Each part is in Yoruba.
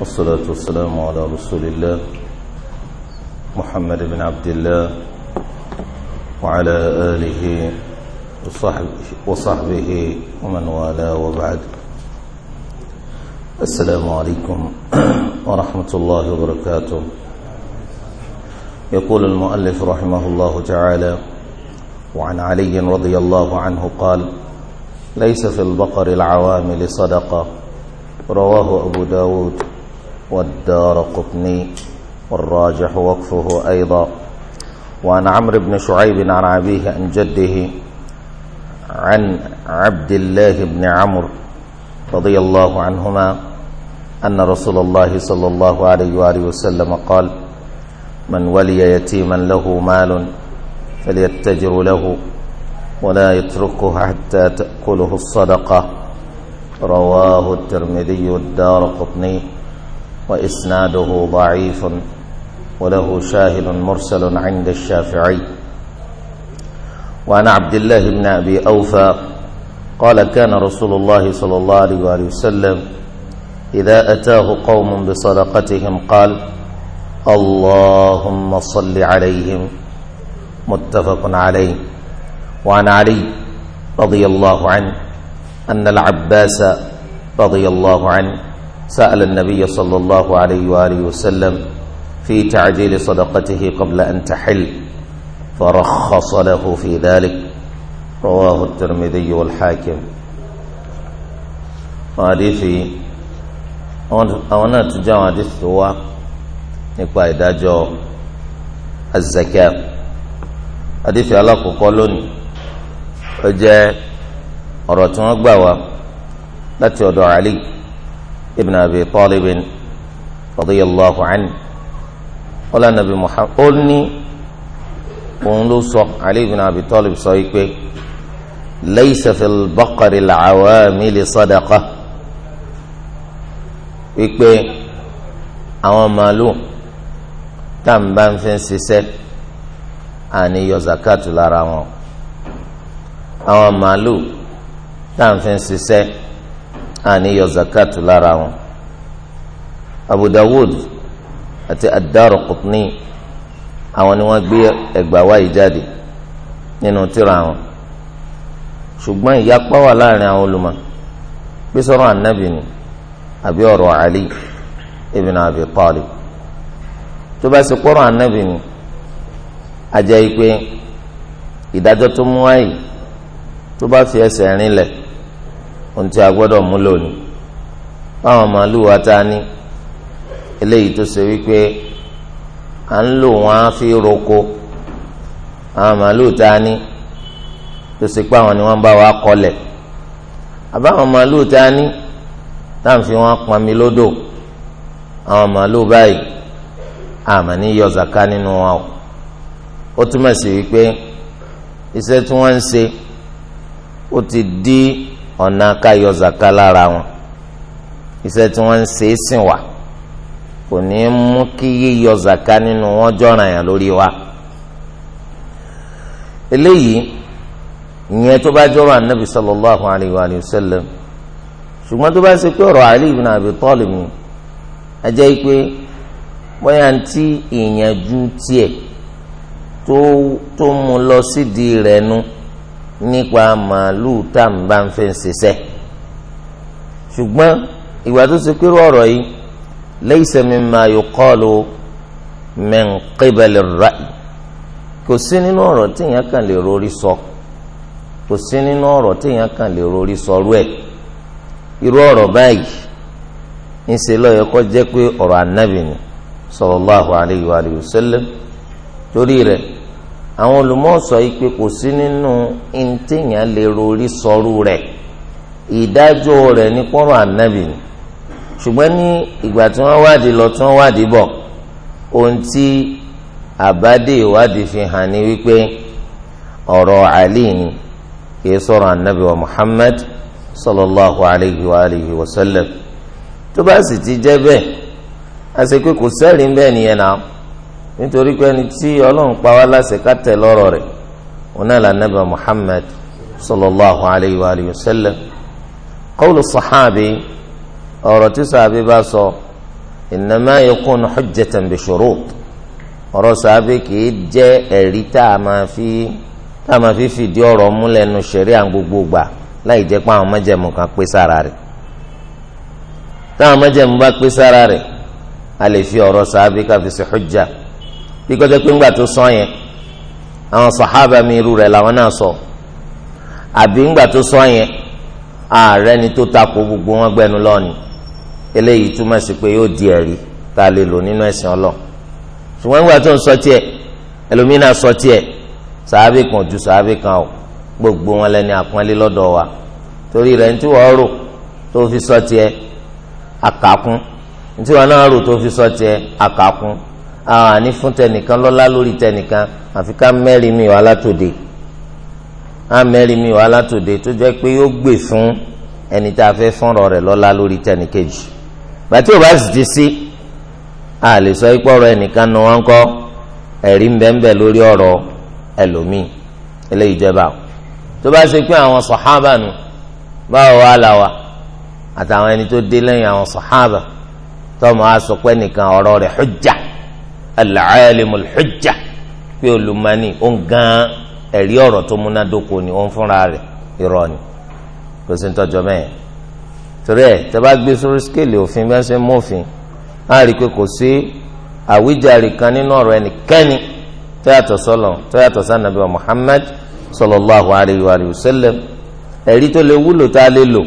والصلاة والسلام على رسول الله محمد بن عبد الله وعلى آله وصحبه ومن والاه وبعد السلام عليكم ورحمة الله وبركاته يقول المؤلف رحمه الله تعالى وعن علي رضي الله عنه قال ليس في البقر العوامل صدقة رواه أبو داود والدار قطني والراجح وقفه أيضا وعن عمرو بن شعيب عن أبيه عن جده عن عبد الله بن عمرو رضي الله عنهما أن رسول الله صلى الله عليه وآله وسلم قال من ولي يتيما له مال فليتجر له ولا يتركه حتى تأكله الصدقة رواه الترمذي الدار قطني وإسناده ضعيف وله شاهد مرسل عند الشافعي وعن عبد الله بن أبي أوفى قال كان رسول الله صلى الله عليه وسلم إذا أتاه قوم بصدقتهم قال اللهم صل عليهم متفق عليه وعن علي رضي الله عنه أن العباس رضي الله عنه سأل النبي صلى الله عليه وآله وسلم في تعجيل صدقته قبل أن تحل فرخص له في ذلك رواه الترمذي والحاكم حديثي أنا تجاه حديث هو نقوى إداجو الزكاة حديثي على قولوني وجاء ọ̀rọ̀ tí wọ́n gbà wá láti ibn abi talibin radiyallahu anhu ọlá nàbí muhammad ó ní òun ló sọ ali ibn abi talib sọ yìí pé laysa fil baqari làwámìlì sadaqa wípé àwọn màlúù tá n bá ń fi ṣiṣẹ́ àní yọ zakatu lára wọn àwọn màlúù tá n fi ṣiṣẹ́ àní ah, yọ zakat lára wọn Abu Dawud àti Ad-Daraqutni àwọn ni wọ́n gbé ẹgbàá wáyé jáde nínú tírà wọn ṣùgbọ́n ìyapa wà láàrin àwọn olùmọ̀ pé sọ̀rọ̀ ànábì ni àbí ọ̀rọ̀ Ali ibn Abi Talib tó bá ṣe pọ̀rọ̀ ànábì ni àjẹ́ ìpè ìdájọ́ tó mú wáyé tó bá fi ẹsẹ̀ rinlẹ̀ ohun tí a gbọ́dọ̀ mú lónìí báwọn màálù wa ta ni eléyìí tó ṣe wípé à ń lò wọn á fi roko àwọn màálù ta ni tó ṣe pé àwọn ni wọ́n bá wa kọlẹ̀ àbáwọn màálù ta ni tá à ń fi wọn pọnmi lódò àwọn màálù báyìí àmọ́ ní yọ nínú wọn o ó túmọ̀ sí wípé iṣẹ́ tí wọ́n ń ṣe ó ti di ọ̀nà káyọ̀ zaka lára wọn iṣẹ́ tí wọ́n ń ṣe é sìn wá kò ní mú kí yíyọ zaka nínú wọn jọ̀ràn yàn wa eléyìí ìyẹn tó bá jọrọ anabi alayhi wa sallam ṣùgbọ́n tó bá ṣe pé ọ̀rọ̀ Ali ibn Abi mi a jẹ pé bóyá ń tí ìyànjú tó nípa màálùú tá à ń bá ń fẹ́ ṣiṣẹ́ ṣùgbọ́n ìwà tó ṣe kúrò ọ̀rọ̀ yìí laysa mimma kò sí nínú ọ̀rọ̀ kàn lè rori sọ kò sí nínú ọ̀rọ̀ kàn lè rori sọrú ẹ̀ irú ọ̀rọ̀ báyìí ńṣe lọ́yọ̀ kọ́ jẹ́ pé ọ̀rọ̀ sallallahu alayhi torí àwọn olùmọ̀ọ́sọ yìí pé kò sí nínú ntẹ̀yàn lè rori sọrú rẹ̀ ìdájọ́ rẹ̀ ní pọ́nrọ́ ànábì ni ṣùgbọ́n ní ìgbà tí wọ́n wádìí lọ tí wọ́n wádìí bọ̀ ohun tí àbádé ìwádìí fi hàn ní wípé ọ̀rọ̀ Ali ni kì sọ̀rọ̀ ànábì wa Muhammad sallallahu alayhi wa alihi wa sallam tó bá sì ti jẹ́ bẹ́ẹ̀ àṣepé kò sẹ́rìí bẹ́ẹ̀ nìyẹn náà nítorí pé ẹni tí ọlọ́run pa wá láṣẹ ká tẹ̀ lọ́rọ̀ rẹ̀ ọ̀nà ìlànàbà Muhammad sallallahu alayhi wa alihi wa sallam qawlu sahabi ọ̀rọ̀ tí sahabi bá sọ innama yakunu hujjatan bi shurut ọ̀rọ̀ sahabi kìí jẹ́ ẹ̀rí tá a máa fi tá a máa fi fìdí ọ̀rọ̀ múlẹ̀ nu ṣẹ̀ríà gbogbo gbà láì jẹ́ pé àwọn májẹ̀mú kan pé sára rẹ̀ táwọn májẹ̀mú bá pé sára rẹ̀ a lè fi ọ̀rọ̀ sahabi ká fi bí pé ńgbà tó sọ yẹn àwọn sàhábà mi irú rẹ̀ làwọn náà sọ àbí ńgbà tó sọ yẹn ààrẹ ni tó takò gbogbo wọn gbẹnu lọ́ọ̀ni eléyìí túmọ̀ sí pé yóò di ẹ̀rí tá lè lò nínú ẹ̀sìn ọlọ́ ṣùgbọ́n ńgbà tó ń sọ tiẹ̀ ẹlòmínà sọ tiẹ̀ kan ju kan o gbogbo wọn lẹni àpọ́nlé lọ́dọ̀ wa torí rẹ̀ ntí wọ́n rò tó fi sọ tiẹ̀ àkàkùn ntí àwọn àní fún tẹnìkan lọ́lá lórí tẹnìkan àfi ká mẹ́rin mi wà látòde á mẹ́rin mi wà látòde tó jẹ́ pé yóò gbè fún ẹni tá a fẹ́ fọ́nrọ̀ rẹ̀ lọ́lá lórí tẹnìkejì bàtí ò bá sì ti sí a lè sọ ipò ọ̀rọ̀ ẹnìkan nu wọn kọ́ ẹ̀rí ńbẹ́ńbẹ́ lórí ọ̀rọ̀ ẹlòmíì eléyìí jẹba tó bá ṣe pé àwọn sọ̀hábà nu báwo wá là wa àtàwọn ẹni tó dé lẹ́yìn àwọn sọ̀hábà tọ́mọ̀ á sọ pé nìkan ọ̀rọ̀ rẹ̀ hujja al-alimul hujja pé olùmọ̀ọ́nì ó ń gan ẹ̀rí ọ̀rọ̀ tó múnádóko ni ó ń fúnra rẹ̀ irọ́ ni kò sí ń tọ́jọ́ mẹ́yẹn torí ẹ̀ tẹ́ bá gbé sórí skéèlì òfin bí wọ́n ṣe mú òfin á rí i pé kò sí àwíjàre kan nínú ọ̀rọ̀ ẹnikẹ́ni tó yàtọ̀ sọ́lọ̀ tó yàtọ̀ sànàbí alayhi wa sallam ẹ̀rí tó lè wúlò tá a lè lò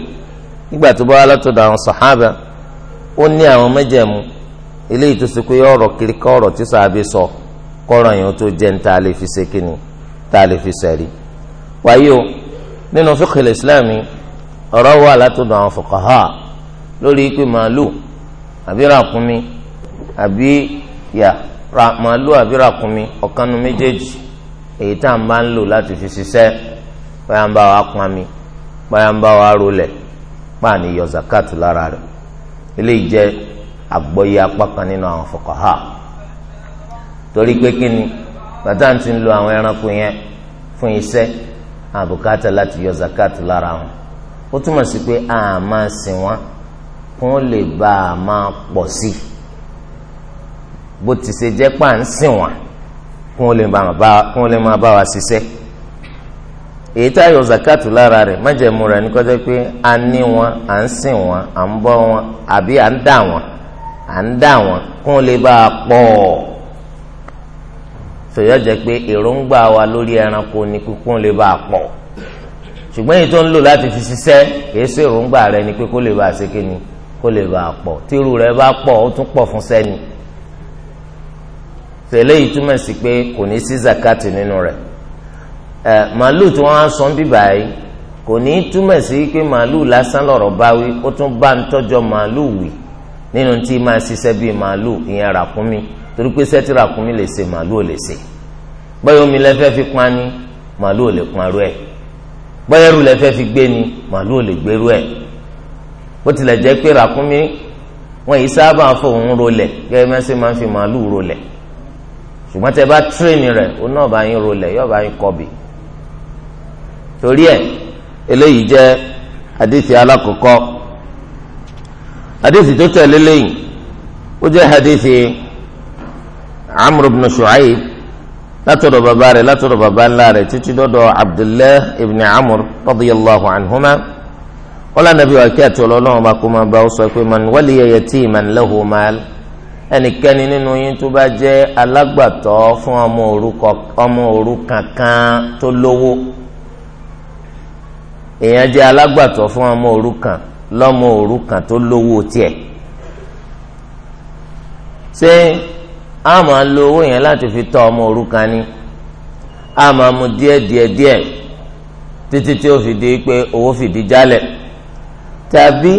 nígbà tó bá wà látọ̀dọ̀ àwọn sàhábà ó ní àwọn mẹ́jẹ̀mú eléyìí tó ṣe pé ọ̀rọ̀ kiri ká ọ̀rọ̀ tí sàbí sọ kọ́rọ̀ yẹn tó jẹ́ ní tá a lè fi ṣe kíni tá a lè fi sẹ̀rí. wáyé o nínú fíkìlì ìsìláàmì ọ̀rọ̀ wà látọ̀dọ̀ àwọn fuqaha lórí pé màálù àbí ràkúnmí àbí yà màálù àbí ràkúnmí ọ̀kanu méjèèjì èyí tá à ń bá ń lò láti fi ṣiṣẹ́ báyà ń bá wa pọn mi báyà ń bá wa rolẹ̀ pààní yọ zakat lára rẹ̀ eléyìí àgbọ́yé apá kan nínú àwọn fuqaha torí pé kí ni bàtà ti ń lo àwọn ẹranko yẹn fún iṣẹ́ àbùkátà láti yọ zakat lára wọn ó túmọ̀ sí pé a máa sìn wọn kó lè bá a máa pọ̀ sí bó ti ṣe jẹ́ pà ń sìn wọn kó lè máa bá wa ṣiṣẹ́ èyí tá a yọ zakat lára rẹ̀ májẹ̀mú ní kọjá pé a ní wọn à ń sìn wọn à ń bọ́ wọn àbí à ń dà wọn à ń dà wọn kún lè bá a pọ̀ sòyọ́ jẹ́ pé èròǹgbà wa lórí ẹranko ni kíkún lè bá a pọ̀ ṣùgbọ́n èyí tó ń lò láti fi ṣiṣẹ́ kìí ṣe èròǹgbà rẹ ni pé kó lè bá a ṣe kíni kó lè bá a pọ̀ tírú rẹ bá pọ̀ ó tún pọ̀ fún sẹ́ni tẹ̀lé yìí túmọ̀ sí pé kò ní sí zakati nínú rẹ̀ ẹ̀ màálù tí wọ́n á sọ bíbà yìí kò ní túmọ̀ sí pé màálù lásán lọ̀rọ̀ bá ó tún bá ń tọ́jọ́ màálù wì nínú tí máa ṣiṣẹ́ bíi màálù ìyẹn ràkúnmí torí pé sẹ́tì ràkúnmí lè ṣe màálù ò lè ṣe bóyá omi lẹ́fẹ́ fi pa ni màálù ò lè parú ẹ̀ bóyá ẹrù lẹ́fẹ́ fi gbé ni màálù ò lè gbérú ẹ̀ bó tilẹ̀ jẹ́ pé ràkúnmí wọn yìí sábà fòun rolẹ̀ gẹ́gẹ́ bí wọ́n ṣe máa ń fi màálù rolẹ̀ ṣùgbọ́n tẹ bá tírèènì rẹ̀ ó náà bá yín rolẹ̀ yóò bá yín kọ̀bì torí ẹ̀ eléyìí jẹ́ àdìsí alákọ̀ọ́kọ́ hadithi tó tẹ̀lé lẹ́yìn ó jẹ́ hadithi amr ibn shu'aib látọ̀dọ̀ bàbá rẹ̀ látọ̀dọ̀ bàbá ńlá rẹ̀ títí dọ́dọ̀ abdullah ibn amr radiyallahu anhuma wọ́n lánàá bí wà kí àti ọlọ́run bá kó máa bá ó sọ pé man waliya yatiman lahu mal ẹnikẹ́ni nínú yín tó bá jẹ́ alágbàtọ́ fún ọmọ òrukàn kan tó lówó èèyàn jẹ́ alágbàtọ́ fún ọmọ òrukàn lọ́mọ òrukàn tó lówó tiẹ̀ ṣé a máa lo owó yẹn láti fi tọ́ ọmọ òrukàn ni a máa mu díẹ̀ díẹ̀ díẹ̀ títí tí ó fi di pé owó fìdí jálẹ̀ tàbí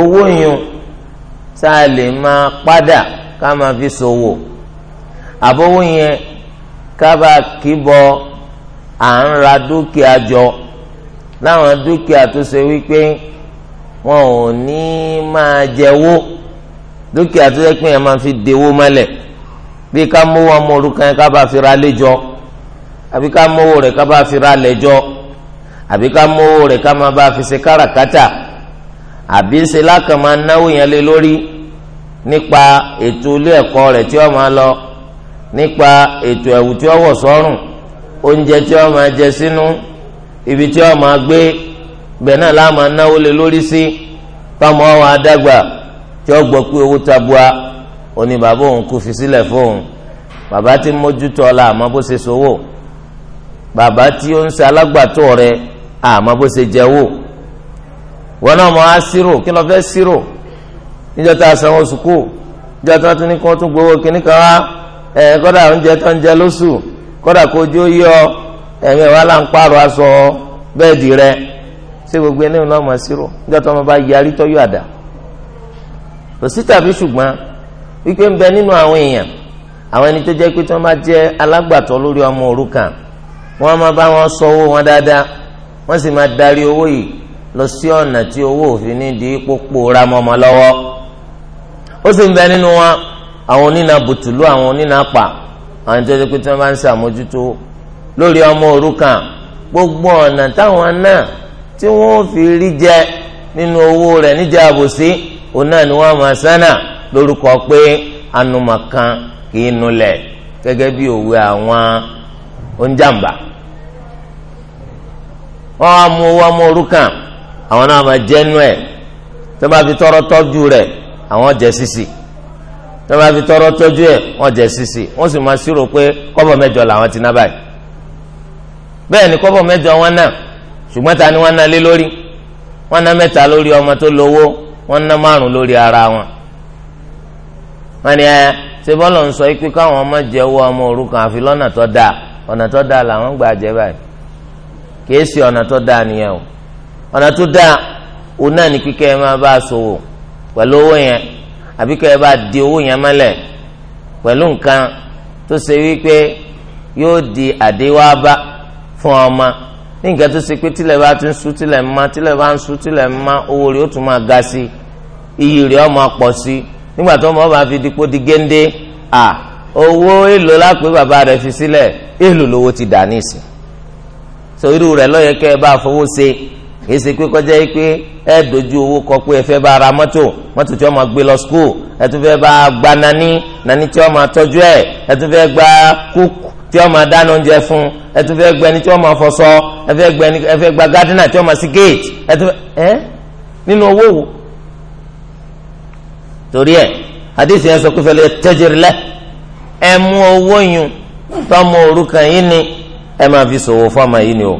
owó yun tá a lè máa padà ká máa fi ṣòwò àbówó yẹn ká bá à ń ra dúkìá jọ láwọn dúkìá tó ṣe wípé wọn ò ní máa jẹwó dúkìá tó yẹ pé yẹn máa fi dewó mọ́lẹ̀ bí ká mówó ọmọ òrukàn yẹn ká bá fi ra lẹ́jọ́ àbí ká mówó rẹ̀ ká bá fi ra lẹ́jọ́ àbí ká mówó rẹ̀ ká máa bá fi ṣe káràkátà àbí ṣe lákàn máa náwó yẹn lé lórí nípa ètò ilé ẹ̀kọ́ rẹ̀ tí ó máa lọ nípa ètò ẹ̀wù tí ó wọ̀ sọ́rùn oúnjẹ tí ó máa jẹ sínú ibi tí ó máa gbé bẹ́ẹ̀ náà láàmà náwó lé lórí sí fáwọn àwọn adágbà tí ó gbọ́ pé owó tabua òní bàbá òun kò fi sílẹ̀ fóun bàbá tí mójútó ọ̀la àmọ́ bó ṣe sowó bàbá tí ó ń ṣe alágbàtọ́ rẹ àmọ́ bó ṣe jẹ́wọ́ wọn náà mọ̀ á sírò kí lọ́ọ́ fẹ́ sírò níjọ́ tá a sanwó sùkúù níjọ́ tí wọ́n tún ní kí wọ́n tún gbowó kíní kan wá ẹ̀ kọ́dà oúnjẹ tó ń jẹ lóṣù kọ́dà kó yọ ẹ̀mí wa là ń pààrọ̀ aṣọ bẹ́ẹ̀dì rẹ̀ ṣé gbogbo ẹni náà máa ṣírò nígbà tó ọmụba bá yarí tọ́jú àdá kò tàbí ṣùgbọ́n wípé ń bẹ nínú àwọn èèyàn àwọn ẹni tó jẹ́ pé tí wọ́n bá jẹ́ alágbàtọ́ lórí ọmọ wọ́n máa bá wọn sọ owó wọn dáadáa wọ́n sì máa darí owó yìí lọ sí ọ̀nà tí owó òfin ní di pópó ra lọ́wọ́ ó sì ń bẹ nínú wọn àwọn onínà bùtùlù àwọn onínà pa àwọn tó jẹ́ pé tí wọ́n bá ń gbogbo ọ̀nà táwọn tí wọ́n fi rí jẹ nínú owó rẹ̀ níjà àbòsí òun náà ni wọ́n máa sánà lórúkọ pé anumakan kì í nulẹ̀ gẹ́gẹ́ bí òwe àwọn oúnjàmbá wọ́n á mú owó ọmọ òrukàn àwọn náà máa jẹ́nu ẹ̀ tó bá fi tọrọ tọ́jú rẹ̀ àwọn jẹ́ sísì tó bá fi tọrọ tọ́jú ẹ̀ wọ́n jẹ́ sísì wọ́n sì máa ṣírò pé kọ́bọ̀ mẹ́jọ làwọn ti ná báyìí bẹ́ẹ̀ ni kọ́bọ̀ mẹ́jọ wọn náà ṣùgbọ́n ta ni wọ́n ná lé lórí wọ́n ná mẹ́ta lórí ọmọ tó lówó wọ́n ná márùn lórí ara wọn. wọ́n ní ẹ ṣe bọ́lọ̀ ń sọ pé káwọn ọmọ jẹ owó ọmọ òrukàn àfi lọ́nà tó dáa ọ̀nà tó dáa làwọn gbà jẹ báyìí kìí ṣe ọ̀nà tó dáa nìyẹn o ọ̀nà tó dáa òun náà ní kíkẹ́ ẹ máa bá a ṣòwò pẹ̀lú owó yẹn àbí kẹ́ ẹ bá di owó yẹn mọ́lẹ̀ pẹ̀lú nǹkan tó ṣe wípé yóò di àdéwábá fún ọmọ ní nǹkan tó ṣe pé tílẹ̀ bá ti ń sú tílẹ̀ ń má tílẹ̀ bá ń sú tílẹ̀ ń má owó rẹ̀ ó tún máa ga sí iyì rẹ̀ ó máa pọ̀ sí nígbà tó ọmọ bá fi dipò di géńdé à owó èlò lápé bàbá rẹ̀ fi sílẹ̀ èlò lówó ti dà nísìn so irú rẹ̀ lọ́yẹ kẹ́ ẹ bá fowó ṣe kì í ṣe pé kọjá yìí pé ẹ dojú owó kọ pé ẹ fẹ́ bá ra mọ́tò mọ́tò tí wọ́n máa gbé lọ skul ẹ tún fẹ́ bá gba nani nani tí wọ́n máa tọ́jú ẹ ẹ tún fẹ́ gba kúkú tí wọ́n máa dáná oúnjẹ fún ẹ tún fẹ́ gbẹni tí wọ́n máa fọṣọ ẹ fẹ́ gbẹni ẹ fẹ́ gba gádínà tí wọ́n máa sí géètì ẹ tún ẹ nínú owó wo torí ẹ hadith yẹn sọ pé fẹlẹ tẹjẹrì lẹ ẹ mú owó yun tọmọ òrukàn yìí ni ẹ máa fi ṣòwò fọmọ yìí ni o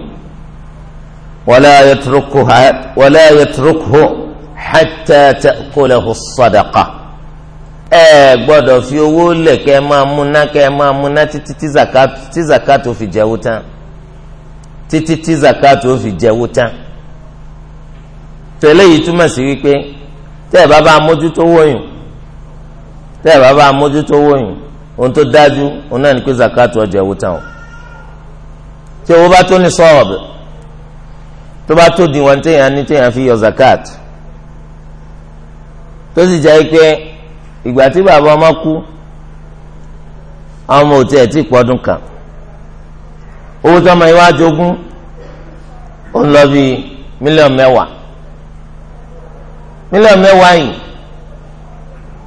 wala yatrukuhu wala yatrukuhu hatta ta'kulahu sadaqa ẹ gbọ́dọ̀ fi owó lẹ̀ kẹ́ ẹ máa múná kẹ́ ẹ máa múná títí tí zakato fi jẹ́wó tán títí tí zakato fi jẹ́wó tán tẹ́lẹ̀ yìí túmọ̀ sí wípé tẹ́ ẹ bá bá mójútó wọ̀nyùn tẹ́ ẹ bá bá mójútó wọ̀nyùn ohun tó dájú òun náà ní pé zakato ọjà ẹ̀wò tán o tí owó bá tó ní sọ́ọ̀bù tó bá tó díwọ̀n téèyàn ní téèyàn fi yọ zakat tó sì jẹ́ pé ìgbà tí bàbá ọmọ kú ọmọ ò tiẹ̀ tí pọ́dún kan owó tọ́mọ yìí wá jogún ó ń lọ bíi mílíọ̀nù mẹ́wàá mílíọ̀nù mẹ́wàá yìí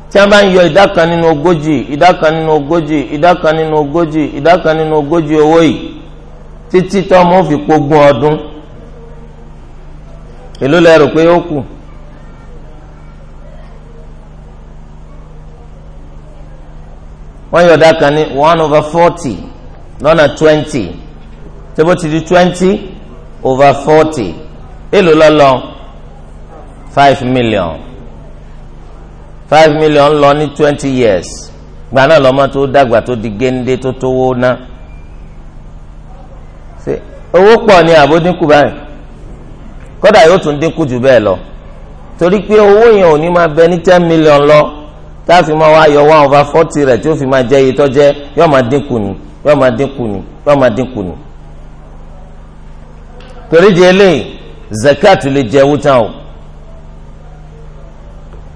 tí a bá ń yọ ìdá kan nínú ogójì ìdá kan nínú ogójì ìdá kan nínú ogójì ìdá kan nínú ogójì owó yìí títí tọ́mọ ó fi pogún ọdún èló lẹ pé ó kù. wọ́n yọ̀dá kan ní one over forty lọ́nà twenty tó bó ti di twenty over forty èlò lọ́lọ́ five million five million lọ ní twenty years gba náà lọ́mọ tó dàgbà tó di géńdé tó tówó ná owó pọ̀ ní àbó dínkù báyìí kódà yóò tún dínkù jù bẹ́ẹ̀ lọ torí pé owó yẹn ò ní máa bẹ ní ten million lọ tá a fi máa wá yọ one rẹ̀ tí ó fi máa jẹ́ iye tó jẹ́ yóò máa dínkù ni yóò máa dínkù ni máa torí di eléyìí zakat lè jẹ owó tán o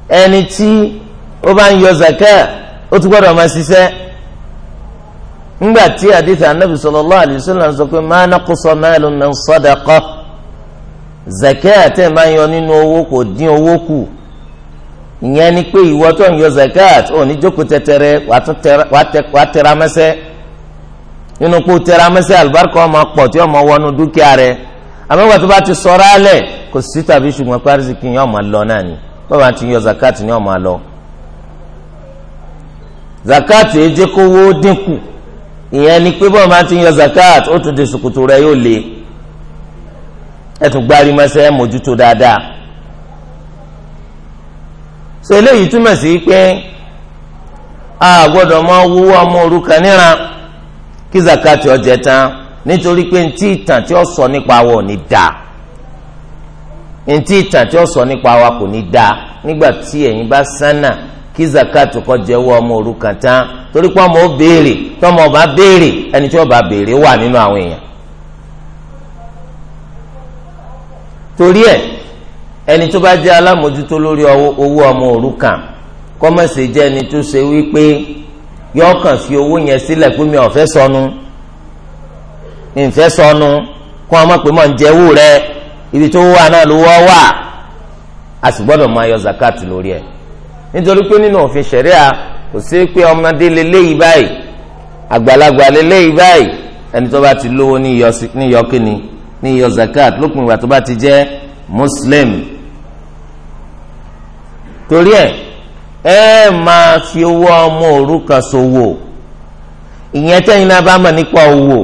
ẹni tí ó bá ń yọ zakat ó ti gbọ́dọ̀ máa ṣiṣẹ́ ngba tí hadith anabi sallallahu alayhi wa sallam sọ pé ma naqasa malun min sadaqah zakat ẹ̀ máa ń yọ nínú owó kò ìyẹn ni pé ìwọ tó ń yọ zakat ò ní jókòó tẹtẹrẹ wàá tẹra mẹsẹ nínú pé o tẹra mẹsẹ àlùbáríkà ọmọ pọ̀ tí ọmọ wọnú dúkìá rẹ àmọ́wá tó bá ti sọ̀rọ̀ alẹ̀ kò sí tàbí ṣùgbọ́n pàrọ̀sì kì í yàn lọ náà ni bàbá ti yọ zakat ni yàn lọ. zakat yìí jẹ́ kówó dínkù ìyẹn ni pé bọ́ọ̀ máa ti yọ zakat ó tún di sùkùtù rẹ yóò le ẹ̀ tún gbárí mẹsẹ̀ mójútó dáadáa ṣe eléyìí túmọ̀ sí pé a gbọ́dọ̀ máa wúwo ọmọ òrukàn níran kí zakati ó jẹ tán nítorí pé ntí ìtàn tí ó sọ nípa wa ò ní dáa ntí ìtàn tí ó sọ nípa wa kò ní dáa nígbà tí ẹ̀yin bá sánà kí zakati kó jẹ wọ ọmọ òrukàn tán torí pé ọmọ ó béèrè tọmọ ọba béèrè ẹni tí ọba béèrè wà nínú àwọn èèyàn torí ẹ̀ ẹni tó bá jẹ́ alámòjútó lórí owó ọmọ òrukàn kọ́mọ̀sì jẹ́ ẹni tó ṣe wípé yọ kàn fi owó yẹn sílẹ̀ pé mi ò fẹ́ sọnù mi fẹ́ sọnù kó ọmọ pé mọ̀ ń jẹ owó rẹ ibi tó wà náà lówó wà a sì gbọ́dọ̀ máa yọ zakat lórí ẹ̀ nítorí pé nínú òfin ṣẹ̀ríà kò sí pé ọmọdé leléyìí báyìí àgbàlagbà leléyìí báyìí ẹni tó bá ti lówó ní yọ kíni ní yọ zakat lópin ìgbà tó bá ti jẹ́ muslim torí ẹ ẹ máa fi owó ọmọ òrukàn ṣòwò ìyẹn tẹ́yìn náà bá mọ̀ nípa owó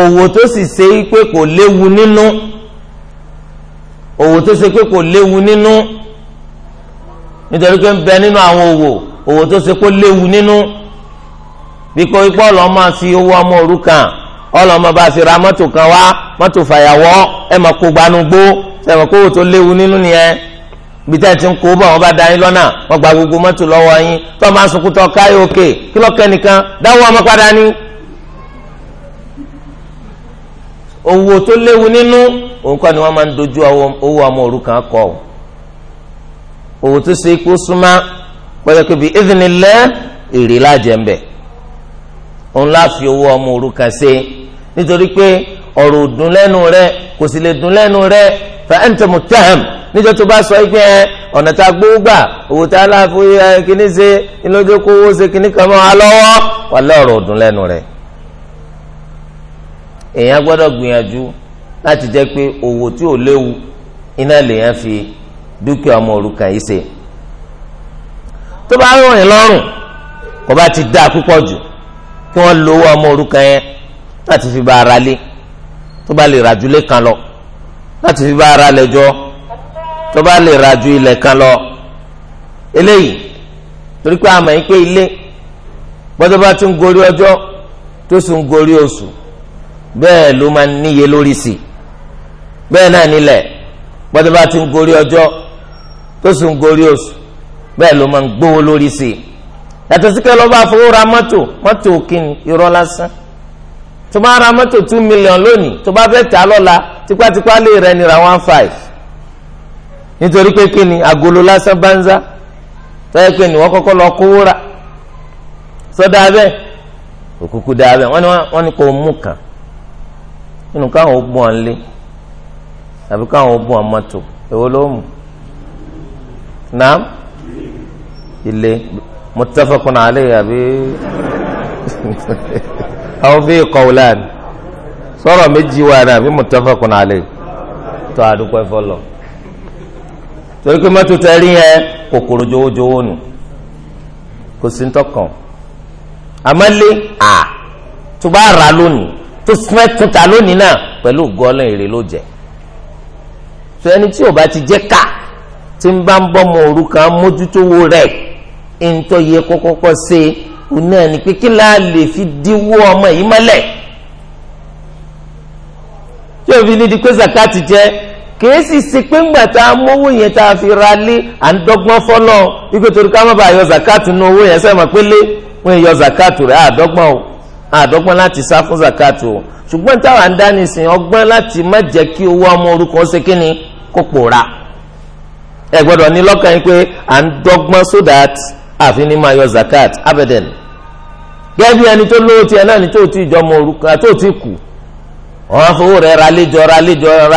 owó tó sì ṣe pé kò léwu nínú owó tó ṣe pé kò léwu nínú nítorí pé ń bẹ nínú àwọn owó owó tó ṣe pé léwu nínú bíkọ́ ipò ọlọ́mọ fi owó ọmọ òrukàn bá fi ra kan wá kó kó owó tó léwu nínú ibi ti ń kó bọ̀ wọ́n bá da yín lọ́nà wọ́n gba gbogbo mọ́tò yín tó máa sunkún tó òkè kí nìkan dáwọ́ ọmọ padà ní. owó tó léwu nínú òun kọ́ ni wọ́n máa ń dojú owó ọmọ kan kọ́ ọ owó tó ṣe súnmá bíi èrè lájẹ̀ ń bẹ̀ òun fi owó ọmọ ṣe dùn fa anta muttaham níjọ́ tó bá sọ pé ẹ ọ̀nà tá a gbowó gbà owó tá a láàfo ẹ kíní ṣe ìlójú kó owó ṣe kíní kan mọ́ a lọ́wọ́ wà lọ́rọ̀ ọ̀dùn lẹ́nu rẹ̀ èèyàn gbọ́dọ̀ gbìyànjú láti jẹ́ pé owó tí ò léwu iná lèèyàn fi dúkìá ọmọ òrukàn yìí ṣe tó bá rìn lọ́rùn kò bá ti dáa púpọ̀ jù kí wọ́n lo owó ọmọ òrukàn yẹn láti fi bá ara lé tó bá lè ràjúlé kan lọ láti fi bá ara lẹ̀ tó bá lè ra ju ilẹ̀ kan lọ eléyìí torí pé àmọ́ yín pé ilé gbọ́dọ̀ bá tún gorí ọjọ́ tó sùn gorí oṣù bẹ́ẹ̀ ló máa níye lórí sí i bẹ́ẹ̀ náà nílẹ̀ gbọ́dọ̀ bá tún gorí ọjọ́ tó sùn gorí oṣù bẹ́ẹ̀ ló máa ń gbówó lórí sí i yàtọ̀ sí kẹ́lọ́ bá fowó ra mọ́tò mọ́tò kìnnì irọ́ lásán tó bá ra mọ́tò two million lónìí tó bá fẹ́ tà lọ́la tipátipá lè rẹ nira one five nítorí pé ni agolo lásán bánzá tọ́yẹ pé ni wọ́n kọ́kọ́ lọ kówó rà sọ́dọ̀ abẹ́ òkùnkùn dà abẹ́ wọ́n ni wọ́n ni kò mú kàn nínú káwọn ó bù ọ́n lé àbí káwọn ó bù ọ́n mọ́tò èwo ló mú naam ilé muttafaqun alayhi àbí àwọn fi qawlan ni sọ̀rọ̀ méjì wà ní àbí muttafaqun alayh tó àdúpẹ́ fọlọ́ torí pé mọ́tò tẹ rí yẹn kòkòrò jowójowó nù kò sí ntọ́kàn àmọ́lé à tó bá rà lónìí tó fẹ́ tuta lónìí náà pẹ̀lú gọ́ọ̀lọ́ èrè ló jẹ tó ẹni tí ò bá ti jẹ́ ká tí ń bá ń bọ́ ọmọ òrukàn mójútówó rẹ̀ ń tọ́ yẹ kọ́kọ́kọ́ ṣe òun náà ni pé kí láà lè fi díwọ́ ọmọ yìí mọ́lẹ̀ tó fi ní di pé zakati jẹ kìí sì ṣe pé ńgbà tá a mówó yẹn tá a fi ra lé à ń dọ́gbọ́n fọ́lọ́ wípé torí ká má bàa yọ zakati nu owó yẹn sẹ́wọ̀n pé lé wọ́n yọ zakati rẹ̀ àdọ́gbọ́n o àdọ́gbọ́n láti sá fún zakati o ṣùgbọ́n táwa ń dá nìsín ọgbọ́n láti má jẹ́ kí owó ọmọ orúkọ ṣe kí ni kó pòórá ẹ gbọ́dọ̀ ní lọ́kàn yín pé à ń dọ́gbọ́n so that àfi ní máa yọ zakat abẹ́dẹ̀n gẹ́gẹ́ bí ẹni tó lówó tiẹ̀ náà ni tó ti ìjọmọ orúkọ tó ti kù wọn fowó rẹ ra léjọ ra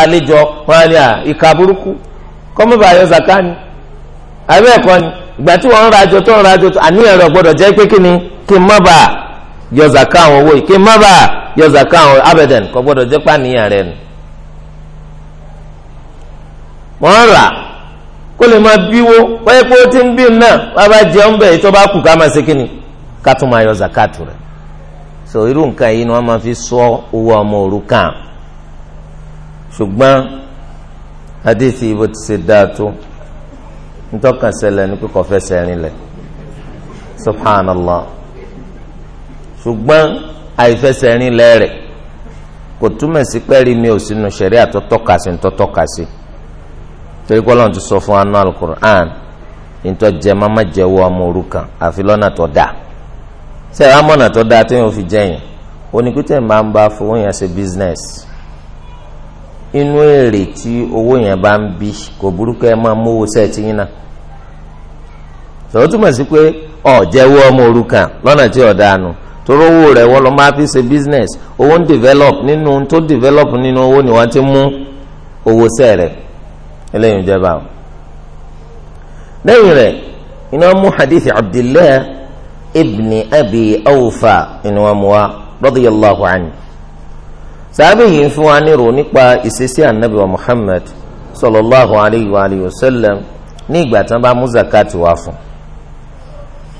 wọn ni à ìka burúkú kọ́mọ́bà yọ zaka ni abẹ́ ẹ̀kọ́ ni ìgbà tí wọ́n ń rajọ tó ń rajọ tó àníyàn rẹ̀ gbọ́dọ̀ jẹ́ pé kí ni kí n má bà yọ zaka àwọn owó yìí kí n má bà yọ zaka àwọn abẹ́dẹ̀n kọ́ gbọ́dọ̀ jẹ́ pé àníyàn rẹ̀ nù. wọ́n rà kó lè máa bíwó wáyé pé ó ti ń bí náà wọ́n bá jẹun bẹ́ẹ̀ tó bá kù ká máa ṣe kí ni ká tún máa yọ zaka tù rẹ̀ so irú nǹkan yìí ni wọ́n máa fi sọ owó ọmọ òrukàn ṣùgbọ́n hadith ibo ti ṣe dáa tó ntọ́kàn ní kíkọ́ fẹsẹ̀ rinlẹ̀ subhanallah ṣùgbọ́n àìfẹsẹ̀ rinlẹ̀ rẹ̀ kò túmọ̀ sí pẹ́ẹ́rì mi ò sínú ṣẹ̀rí àtọ́tọ́ka sí ntọ́tọ́ka sí torí pé ọlọ́run ti sọ fún anú alukur'an ntọ́jẹ́ má má ọmọ òrukàn àfi lọ́nà tó dáa. ṣe é amọ̀nà tó dáa tó yẹn ò fi jẹyìn oníkútẹ̀ máa ń bá fowó yẹn ṣe business inú èrè tí owó yẹn bá ń bí kò burúkú ẹ máa mówó sẹ́ẹ̀tì yín náà sọ̀rọ̀ túmọ̀ sí pé ọ̀jẹ̀wọ́ ọmọ òrukàn lọ́nà tí nù owó rẹ̀ wọ́n lọ́ máa fi ṣe business owó ń develop nínú tó develop nínú owó ni ti mú owó sẹ́ẹ̀ rẹ̀ eléyìí ń jẹba o lẹ́yìn rẹ̀ ibni abi awfa inú wa mu wa radiyallahu anhu sàbẹ̀ yìí ń fún wa nírò nípa ìṣesí anabi wa muhammad sallallahu alayhi wa alayhi wa sallam ní ìgbà tí wọn bá mú zakati wá fún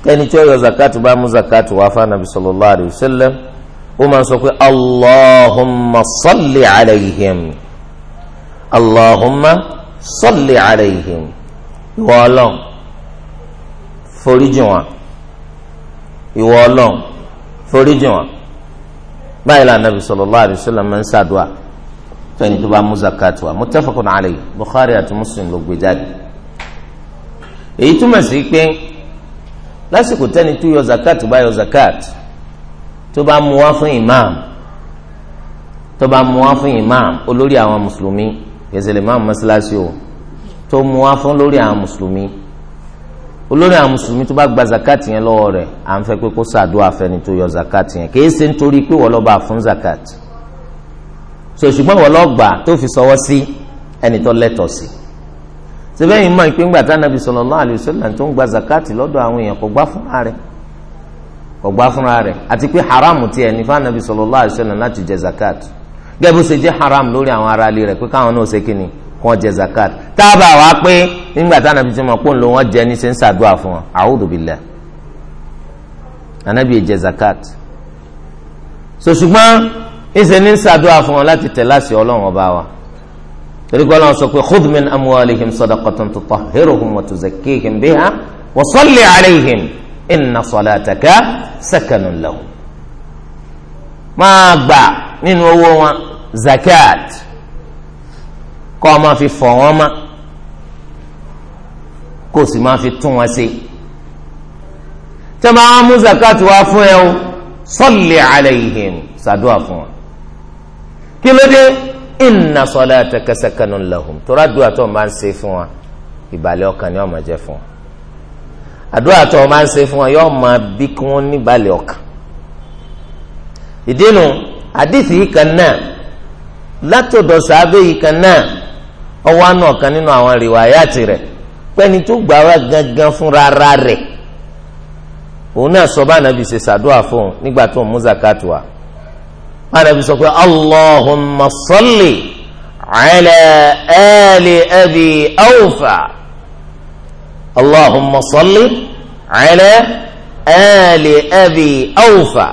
kẹ́ni tí ó yọ zakati bá mú zakati wá fún anabi sallallahu alayhi wa sallam ó máa sọ pé allahumma salli alayhim allahumma salli alayhim ìwọ ọlọ́run foríjì wọn ìwọ ọlọ́run foríjì wọn báyìí la nàbì sallallahu alaihi wasallam máa ń ṣàdúà fẹ́ni tó bá mú zakat wa muttafaqun alayhi Bukhari àti Muslim ló gbé jáde èyí túmọ̀ sí pé lásìkò tẹ́ni tó yọ zakat bá yọ zakat tó bá mú wá fún imam tó bá mú wá fún imam olórí àwọn mùsùlùmí yẹsẹ̀ lè má mọ́sálásí o tó mú wá fún lórí àwọn mùsùlùmí olórí àwọn mùsùlùmí tó bá gba zakat yẹn lọ́wọ́ rẹ̀ à ń fẹ́ pé kó ṣàdúrà fẹ́ni tó yọ zakat yẹn kì í ṣe nítorí pé wọ́n lọ bá fún zakat so ṣùgbọ́n wọ́n lọ gbà tó fi sọwọ́ sí ẹni tó lẹ́tọ̀ọ́ sí sẹ́fẹ̀yìn mọ̀ ìpín gbàtà nàbì sallallahu alaihi wasallam tó ń gba zakat lọ́dọ̀ àwọn èèyàn kò gbà fúnra rẹ̀ kò gbà fúnra rẹ̀ àti pé haram tiẹ̀ ní fún nàbì sallallahu alaihi wasallam láti jẹ zakat gẹ́gẹ́ bó ṣe jẹ́ haram lórí àwọn aráalé rẹ̀ pé káwọn náà ṣe kíni wọn jẹ zakat tábà wá pé nígbà tá ànábi ti mọ̀ pé ńlò wọn jẹ ní ṣe ń ṣàdúrà fún wọn a'udhu billah ànábi jẹ zakat so ṣùgbọ́n ìṣe ní ń ṣàdúrà fún wọn láti tẹ̀ láṣẹ ọlọ́run ọba wa torí pé ọlọ́run sọ pé khudh min amwalihim sadaqatan tutahhiruhum wa tuzakkihim biha wa salli alayhim inna salataka sakanun lahum máa gbà nínú owó wọn zakat kọ́ ọ máa fi fọ̀ wọ́n má kó o sì máa fi tún wọn ṣe tẹ́ máa mú zakat wá fún ẹ o salli alayhim ṣàdúrà fún wọn kí ló dé inna salataka sakanun lahum tóra dùn àtọ́ máa ń ṣe fún wọn ìbàlẹ̀ ọkàn ni wọ́n jẹ́ fún wọn àdúrà tó o máa ń ṣe fún wọn yóò máa bí kí wọ́n níbalẹ̀ ọkàn ìdínú àdìsí yìí kan náà látọ̀dọ̀ sàábé yìí kan náà ọwọ́ àna ọ̀kan nínú àwọn rìwáyàtì rẹ̀ pẹ́ni tó gbà wá gangan fúnra ara rẹ̀ òun náà sọ bá anabi ṣe ṣàdúrà fún un nígbà tó ń mú zakat wá anabi sọ pé allahumma salli ala ali abi awfa allahumma salli ala ali abi awfa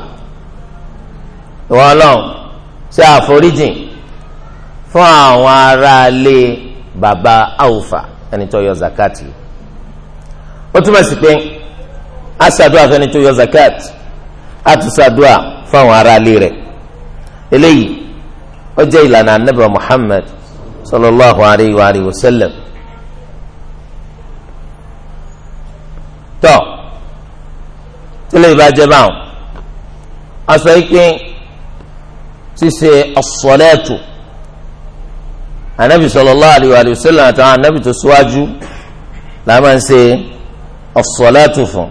ìwọ ọlọ́run ṣe àforíjìn fún àwọn aráalé baba awufa ẹni tó yọ zakati ó túmọ̀ sí pé a ṣàdúrà fẹ́ni tó yọ zakati a tún ṣàdúrà fún àwọn aráalé rẹ̀ eléyìí ó jẹ́ ìlànà anabi muhammad sallallahu alayhi wa alayhi wa sallam tọ́ tílé ìbàjẹ́ báwọn a yìí pé ṣíṣe as anabi sallallahu alayhi wa sallam àtàwọn anabi tó síwájú la máa ń ṣe as-salatu fún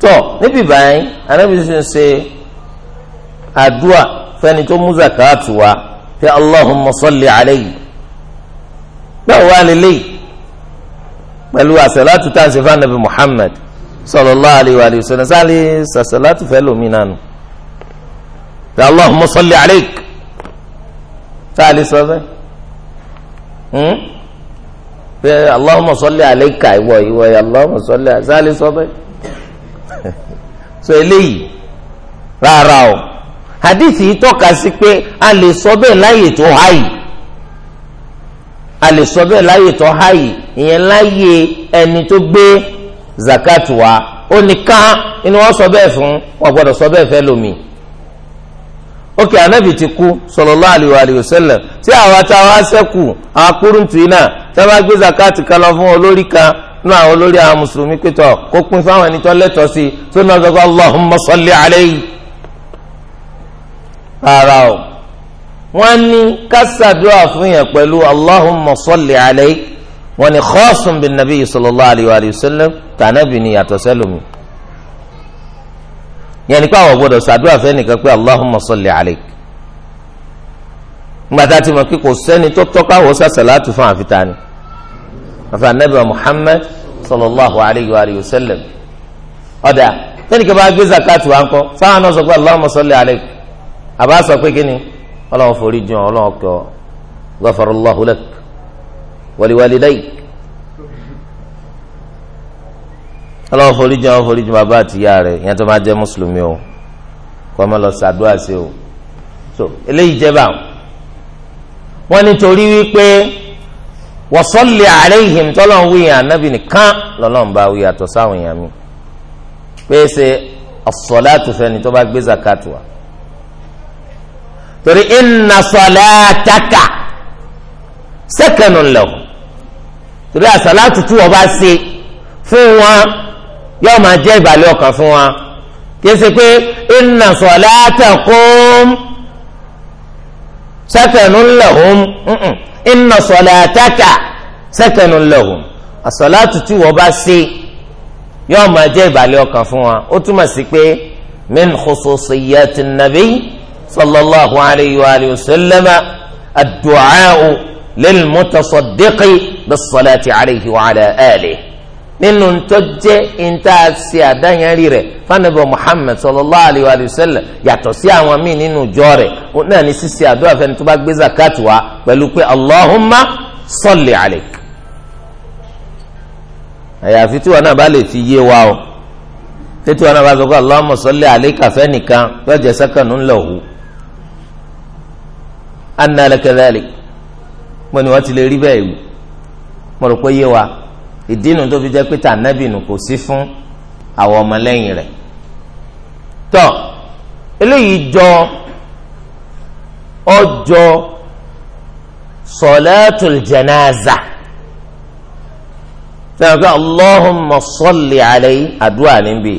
tọ níbi báyìí anabi tó ń ṣe àdúà fẹni tó mú zakatu wa fi allahumma salli alayhi báwo wá lélẹ́yìí pẹ̀lú as-salatu tá à ń ṣe fún anabi muhammad sallallahu alayhi wa sallam sálẹ̀ as-salatu fẹ́ lómìnà fi allahumma salli alayhi tá a lè sọ bẹ́ẹ̀ bẹ́ẹ̀ hmm? Allahumma salli alayka ìwọ ìwọ Allahumma salli tá a lè sọ bẹ́ẹ̀ so eléyìí rárá o hadithi yìí tọ́ka sí pé a lè sọ bẹ́ẹ̀ láyè tó háyì a lè sọ bẹ́ẹ̀ láyè tó háyì ìyẹn láyè ẹni tó gbé zakat wa ó nìkan ni wọ́n sọ bẹ́ẹ̀ fún wọn gbọ́dọ̀ sọ bẹ́ẹ̀ fẹ́ lómi ókè anabi ti kú sallallahu alayhi wa sallam tí àwa tá a wá sẹ́kù àkúrúntù iná tá a bá gbé zakati kan lọ fún olórí kan nínú àwọn olórí àwọn mùsùlùmí pétọ kó pin fáwọn ẹni tó lẹ́tọ̀ọ́ sí tó náà sọ pé allahumma salli alayhi. rárá o wọ́n ní kásádùá fún yẹn pẹ̀lú allahumma salli alayhi wọ́n ní khọ́ọ̀sùn bin nabi sallallahu alayhi wa sallam tànàbì ni yàtọ̀ sẹ́lómi yẹn ni pé àwọn gbọ́dọ̀ ṣàdúrà fẹ́nìkan pé Allahumma salli alayk gbàtà tí mo kí kò sẹ́ni tó tọ́ka wò sàṣàlátù fún àfitá ni àfi anabi Muhammad sallallahu alayhi wa sallam ọ̀dà tẹ́nìkan bá gbé zakatu wa ńkọ́ sáwọn náà sọ pé Allahumma salli alayk àbá sọ pé kí ni forí jùn ọlọ́run kọ́ ghafarallahu lak wa liwalidayk. ọlọ́wọ́ foríjì ọlọ́wọ́ foríjì bàbá àtìyá rẹ̀ ìyẹn tó máa jẹ́ mùsùlùmí o kọ́ mọ́ lọ sàdúrà sí o so eléyìí jẹ́ bá wọn nítorí wípé wọ́sọ́lẹ̀ àlẹ́yìn tọ́lọ́n wíyàn anábì nìkan lọ́lọ́n bá wíyàn àtọ̀ sáwọn èèyàn mi pèsè ọ̀sọ̀láàtù fẹ́ni tó bá gbé zakatu wa torí ìnà sọ̀láàtàkà sẹ́kẹ̀nù lọ torí àsọ̀láàtù tí wọ́n ṣe fún wọn yóò máa jẹ́ ìbàlẹ̀ ọkàn fún wa kìí ṣe pé inna salatakum sakanun lahum inna salataka sakanun lahum àsọ̀látù tí wọ́n bá ṣe yóò máa jẹ́ ìbàlẹ̀ ọkàn fún wa ó túmọ̀ sí pé min khususiyyati nabi sallallahu alayhi wa alihi wa sallam ad lil mutasaddiqi bis alayhi wa ala alihi nínú ntọ́ jẹ́ ìta ṣe àdáyẹnrí rẹ̀ fanabu muhammed sallallahu alayhi wa sallam yàtọ̀ sí àwọn míì nínú ìjọ rẹ̀ náà ní ṣíṣe àdúrà fẹ́ni tó bá gbé zakat wá pẹ̀lú pé allahumma salli alayk. àyàfi tí wọn náà bá lè fi yé wa o tètè wọn náà bá sọ pé allahumma salli alayka fẹ́nìkan yóò jẹ́ sẹ́kànnù lahu anna laka dhalik mo ni wọ́n ti lè rí bẹ́ẹ̀ wù mo rò pé yé wa. ìdínú tó fi jẹ́ pé tànàbìnú kò sí fún àwọn ọmọlẹ́yìn rẹ̀ tọ́ eléyìí jọ ọjọ́ sọlẹ́tul jẹnáza sọ̀rọ̀ pé allahumma salli alayhi àdúrà níbí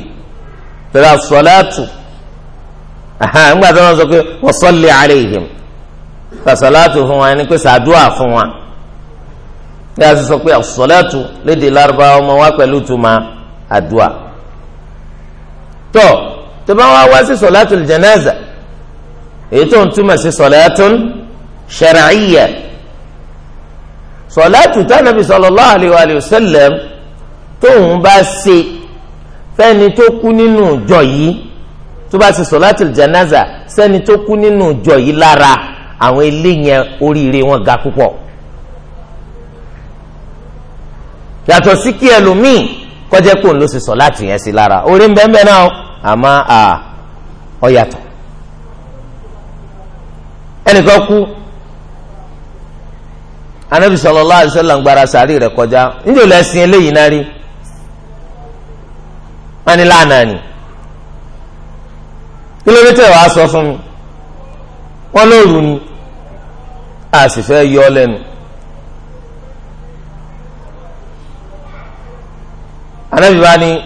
tẹ̀lé sọlẹ́tù ńgbà tí wọ́n sọ pé wa salli alayhim sọlẹ́tù fún wa ẹni pé sàdúrà fún wa. bí a sọ pé as-salatu lédè lárúbáwá ọmọ wa pẹ̀lú tuma àdúà tó tó bá wá wá sí sọlátul janaza èyí tó ń túmọ̀ sí sọlátun shar'iyya sọlátù tánàbí sallallahu alayhi wa alihi wa sallam tóun bá ṣe fẹ́ni tó kú nínú ìjọ yìí tó bá ṣe sọlátù janaza sẹ́ni tó kú nínú ìjọ yìí lára àwọn eléyẹn oríire wọn ga púpọ̀ yàtọ̀ sí kí ẹlòmíì kọjá kó ń lọ sí sọ̀láàtì yẹn sí lára orí ń bẹ́ẹ̀ bẹ́ẹ̀ náà àmọ́ à ọ yàtọ̀ ẹnìkan kú anabi gbara sàárì rẹ kọjá níjẹ́ olè ẹ̀sìn eléyìí náà rí wọn ni lánàá ni sọ fún mi ni a sì fẹ́ yọ ọ lẹ́nu. anabi bá ní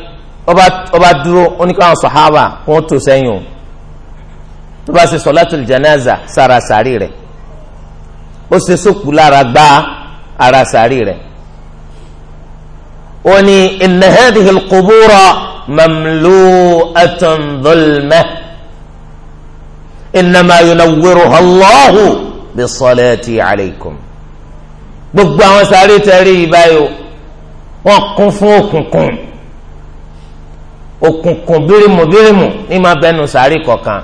ọba dúró ó ní káwọn sọ̀hábà wọn tó sẹ́yìn o tó bá ṣe sọ̀látùl janaza sára sàárì rẹ̀ ó ṣe sókù lára gbá ara sàárì rẹ̀ ó ní inna hadhihi al-qubura mamlu'atun dhulma innama yunawwiruha Allahu bisalati alaykum gbogbo àwọn sàárì tẹ̀rí ìbáyọ̀ wọ́n kún fún òkùnkùn òkùnkùn bírímù bírímù ní máa bẹnu sàárì kọ̀ọ̀kan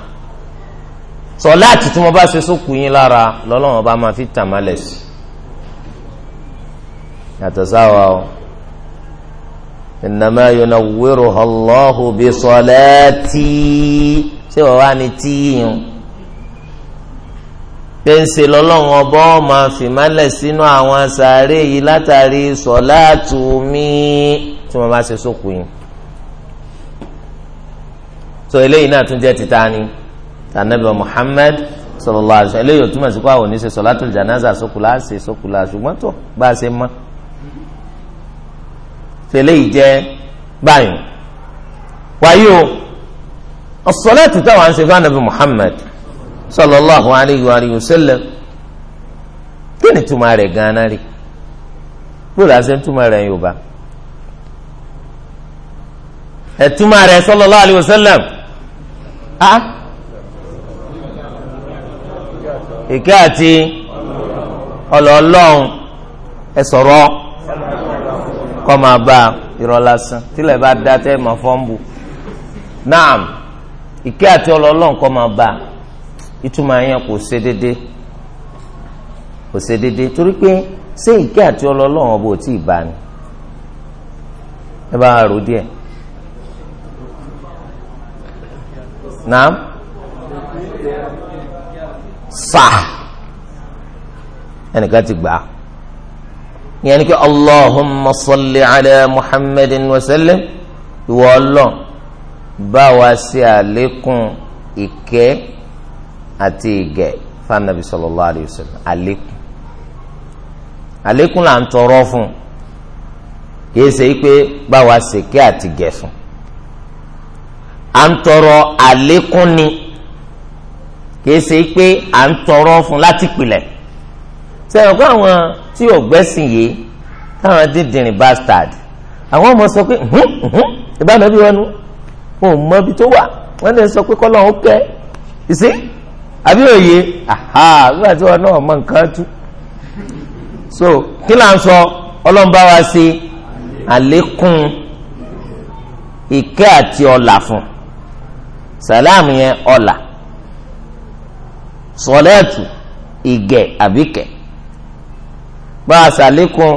sọláàtì tí mo bá ṣe sókù yín lára lọ́lọ́wọ́n bá máa fi tàn sí yàtọ̀ sáwa o innama yunawwiruha Allahu bi salati ṣé wàá wá ní tíyìn pèsè lọ́lọ́run ọba ọmọ fìmálẹ̀ sínú àwọn sàárè yìí látàrí sọ̀láàtù mi tí wọ́n bá ṣe sókùn yìí. so eléyìí náà tún jẹ́ títa ni tànàbẹ̀ Muhammad sallallahu alaihi wasallam eléyìí ò túmọ̀ sí pé àwọn oníṣe sọ̀láàtù jànáza sókùlá ṣe sókùlá ṣùgbọ́n tó bá a ṣe mọ́. so eléyìí jẹ́ báyìí wáyé o ọ̀sọ̀láàtù táwọn ṣe fún ànàbẹ̀ sallallahu alayhi wa sallam kí ni túmọ̀ rẹ̀ gan-an rí bóòlù àti túmọ̀ rẹ̀ yorùbá ẹ̀túmọ̀ rẹ̀ sallallahu alayhi wa sallam a ìkẹ́ àti ọlọ́ọ̀lọ́hún ẹ sọ̀rọ̀ kọ́ máa bá irọ́ tílẹ̀ bá dá tẹ́ ẹ̀ máa fọ́n bù naam ìkẹ́ àti ọlọ́ọ̀lọ́hún kọ́ máa bá ìtumọ̀ yẹn kò ṣe dédé kò ṣe dédé torí pé ṣé ìkẹ́ àti ọlọ́lọ́run ọba ò tí ì bá ni ẹ bá rò díẹ̀ naam sa ẹnìkan ti gbà yẹn ni pé allahumma salli ala muhammadin wa ìwọ ọlọ́run bá wa ṣe àlékún ìkẹ́. àti ìgẹ̀ fanabi sallallahu alayhi àlékún àlékún là ń tọrọ fún kìí ṣe pé báwa ṣe àti gẹ̀ fún à ń tọrọ àlékún ni kìí ṣe pé à ń tọrọ fún láti pilẹ̀ sẹ́yìn kó àwọn tí ò gbẹ́sìn yìí táwọn dídìrín bastard àwọn ọmọ sọ pé ìbánabi wọn nu wọn mọ ibi tó wà wọn lè sọ pé àbí òye aha nígbà tí wọn náà mọ nǹkan tú so kí là ń sọ ọlọ́mbà wa ṣe àlékún ìkẹ́ àti ọ̀là fún sàlámù yẹn ọ̀là sọlẹ́ẹ̀tù ìgẹ̀ àbíkẹ́ bá a ṣàlékún